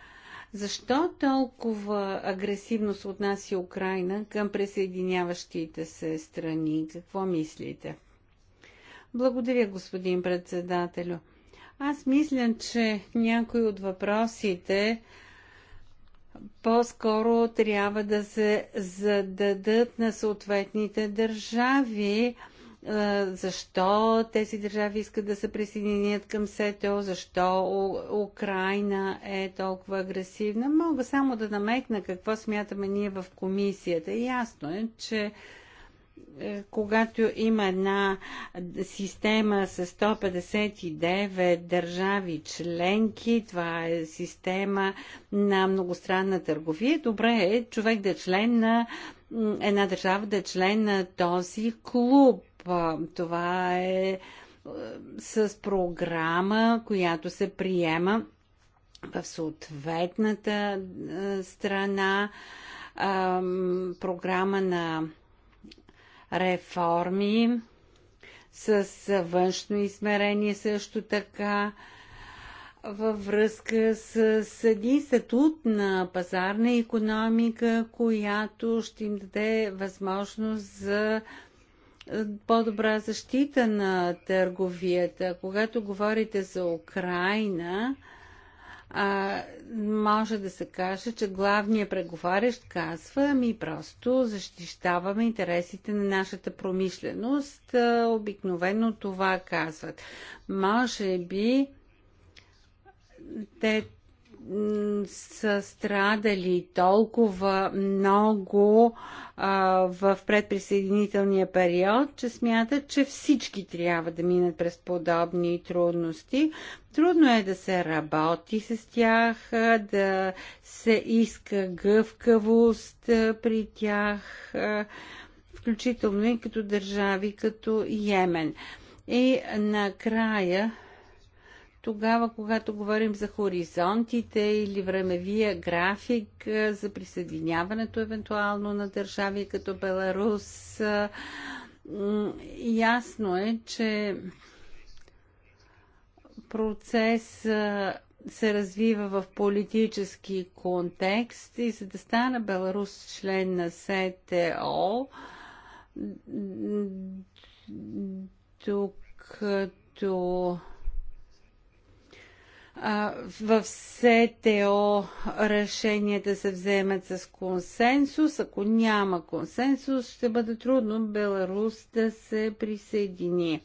Защо толкова агресивно се отнася Украина към присъединяващите се страни? Какво мислите? Благодаря, господин председателю. Аз мисля, че някои от въпросите по-скоро трябва да се зададат на съответните държави. Е, защо тези държави искат да се присъединят към СТО? Защо Украина е толкова агресивна? Мога само да намекна какво смятаме ние в комисията. Ясно е, че е, когато има една система с 159 държави членки, това е система на многостранна търговия, добре е човек да е член на една държава, да е член на този клуб. Това е, е с програма, която се приема в съответната страна, програма на реформи с външно измерение също така във връзка с, един статут на пазарна економика, която ще им даде възможност за е, по-добра защита на търговията. Когато говорите за Украина, а, може да се каже, че главният преговарящ казва, ми просто защищаваме интересите на нашата промишленост. А, обикновено това казват. Може би те са страдали толкова много а, в предприсъединителния период, че смятат, че всички трябва да минат през подобни трудности. Трудно е да се работи с тях, да се иска гъвкавост при тях, включително и като държави като Йемен. И накрая тогава, когато говорим за хоризонтите или времевия график за присъединяването евентуално на държави като Беларус. Ясно е, че процес се развива в политически контекст и за да стане Беларус член на СТО, докато в СТО решенията се вземат с консенсус. Ако няма консенсус, ще бъде трудно Беларус да се присъедини.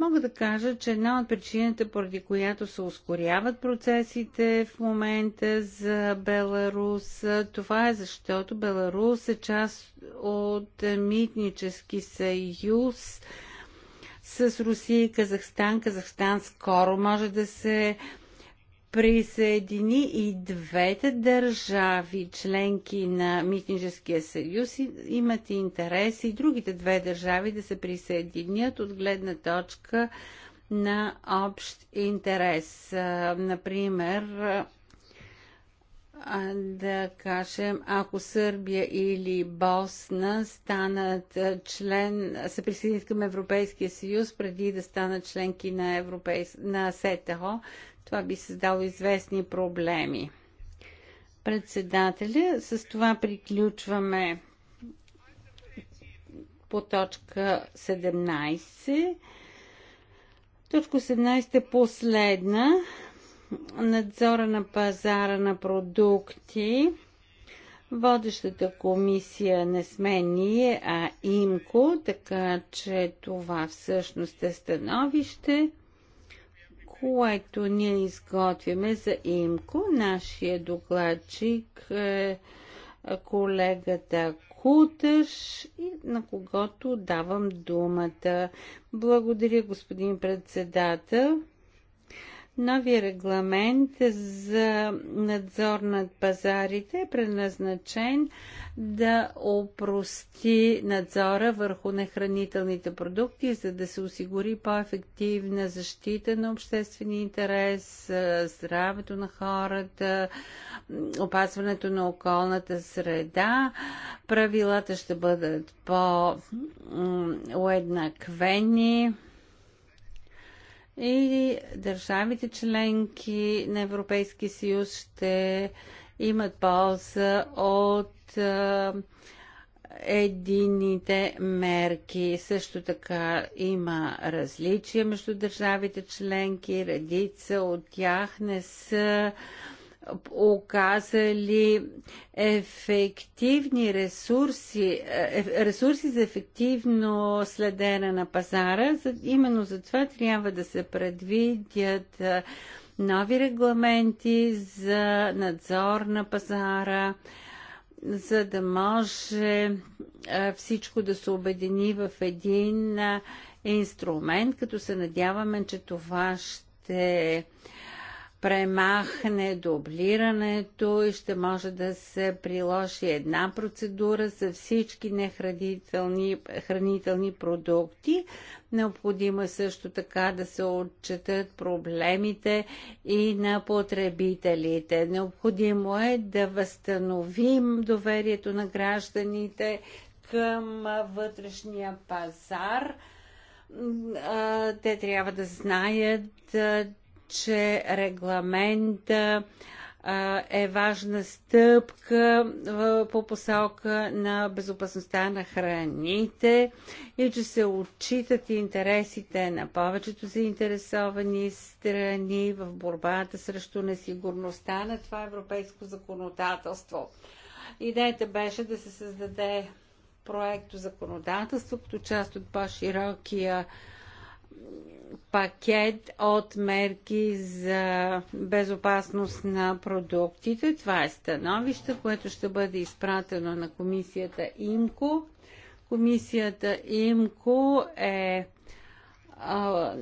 Мога да кажа, че една от причините, поради която се ускоряват процесите в момента за Беларус, това е защото Беларус е част от митнически съюз, с Русия и Казахстан. Казахстан скоро може да се присъедини и двете държави, членки на Митническия съюз, имат интерес и другите две държави да се присъединят от гледна точка на общ интерес. Например, да кажем, ако Сърбия или Босна станат член, се присъединят към Европейския съюз преди да станат членки на, Европейс... на СЕТАХО, това би създало известни проблеми. Председателя, с това приключваме по точка 17. Точка 17 е последна надзора на пазара на продукти. Водещата комисия не сме ние, а ИМКО, така че това всъщност е становище, което ние изготвяме за ИМКО. Нашия докладчик е колегата Куташ, на когото давам думата. Благодаря, господин председател. Нови регламент за надзор над пазарите е предназначен да опрости надзора върху нехранителните продукти, за да се осигури по-ефективна защита на обществения интерес, здравето на хората, опазването на околната среда. Правилата ще бъдат по-уеднаквени и държавите членки на Европейския съюз ще имат полза от едините единните мерки. Също така има различия между държавите членки, редица от тях не са оказали ефективни ресурси, е, ресурси за ефективно следене на пазара. Именно за това трябва да се предвидят е, нови регламенти за надзор на пазара, за да може е, всичко да се обедини в един инструмент, като се надяваме, че това ще премахне дублирането и ще може да се приложи една процедура за всички нехранителни хранителни продукти. Необходимо е също така да се отчетат проблемите и на потребителите. Необходимо е да възстановим доверието на гражданите към вътрешния пазар. Те трябва да знаят, че регламента е важна стъпка по посока на безопасността на храните и че се отчитат интересите на повечето заинтересовани страни в борбата срещу несигурността на това европейско законодателство. Идеята беше да се създаде проект законодателство като част от по-широкия пакет от мерки за безопасност на продуктите. Това е становище, което ще бъде изпратено на комисията ИМКО. Комисията ИМКО е а,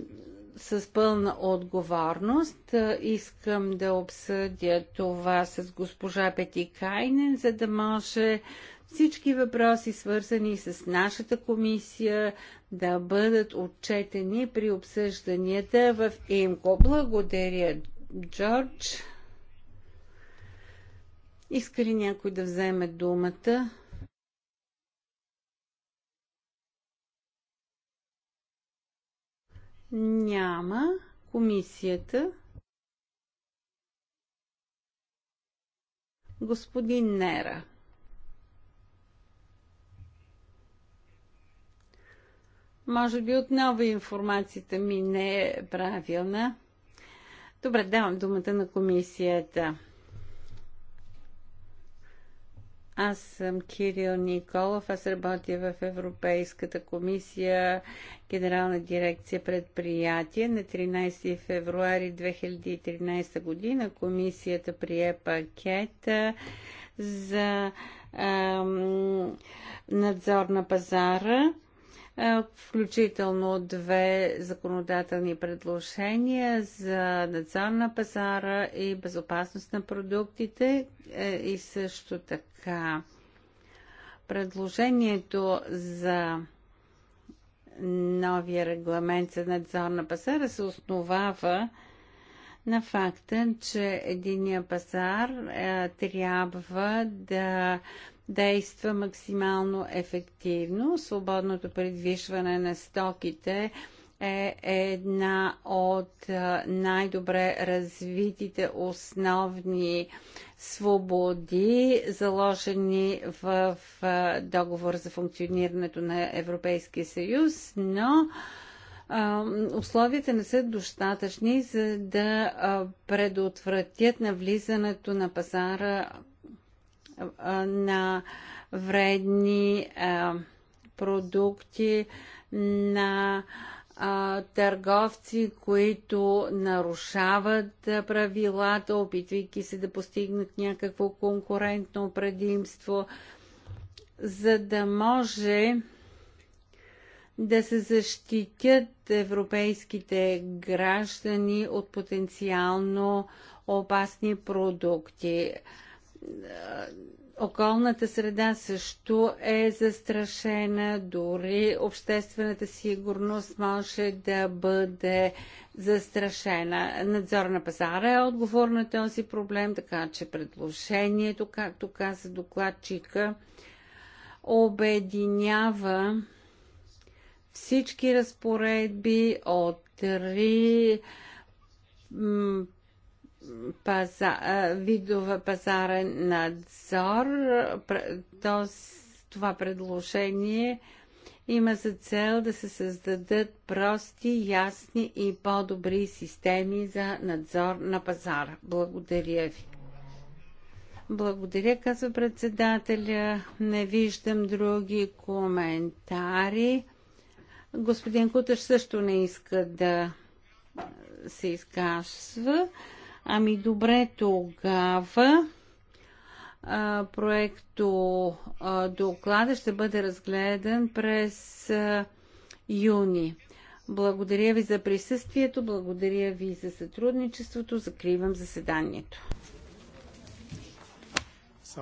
с пълна отговорност. Искам да обсъдя това с госпожа Пети Кайнен, за да може всички въпроси, свързани с нашата комисия, да бъдат отчетени при обсъжданията в ИМКО. Благодаря, Джордж. Иска ли някой да вземе думата? Няма. Комисията. Господин Нера. Може би отново информацията ми не е правилна. Добре, давам думата на комисията. Аз съм Кирил Николов, аз работя в Европейската комисия, Генерална дирекция предприятие. На 13 февруари 2013 година комисията прие пакета за ам, надзор на пазара е, включително две законодателни предложения за надзор на пазара и безопасност на продуктите е, и също така предложението за новия регламент за надзор на пазара се основава на факта, че единия пазар е, трябва да действа максимално ефективно. Свободното предвижване на стоките е една от най-добре развитите основни свободи, заложени в договор за функционирането на Европейския съюз, но условията не са достатъчни, за да предотвратят навлизането на пазара на вредни продукти, на търговци, които нарушават правилата, опитвайки се да постигнат някакво конкурентно предимство, за да може да се защитят европейските граждани от потенциално опасни продукти околната среда също е застрашена, дори обществената сигурност може да бъде застрашена. Надзор на пазара е отговор на този проблем, така че предложението, както каза докладчика, обединява всички разпоредби от три паза, видове пазарен надзор. Това предложение има за цел да се създадат прости, ясни и по-добри системи за надзор на пазара. Благодаря ви. Благодаря, казва председателя. Не виждам други коментари. Господин Кутър също не иска да се изказва. Ами добре, тогава а, проекто а, доклада ще бъде разгледан през а, юни. Благодаря ви за присъствието, благодаря ви за сътрудничеството. Закривам заседанието.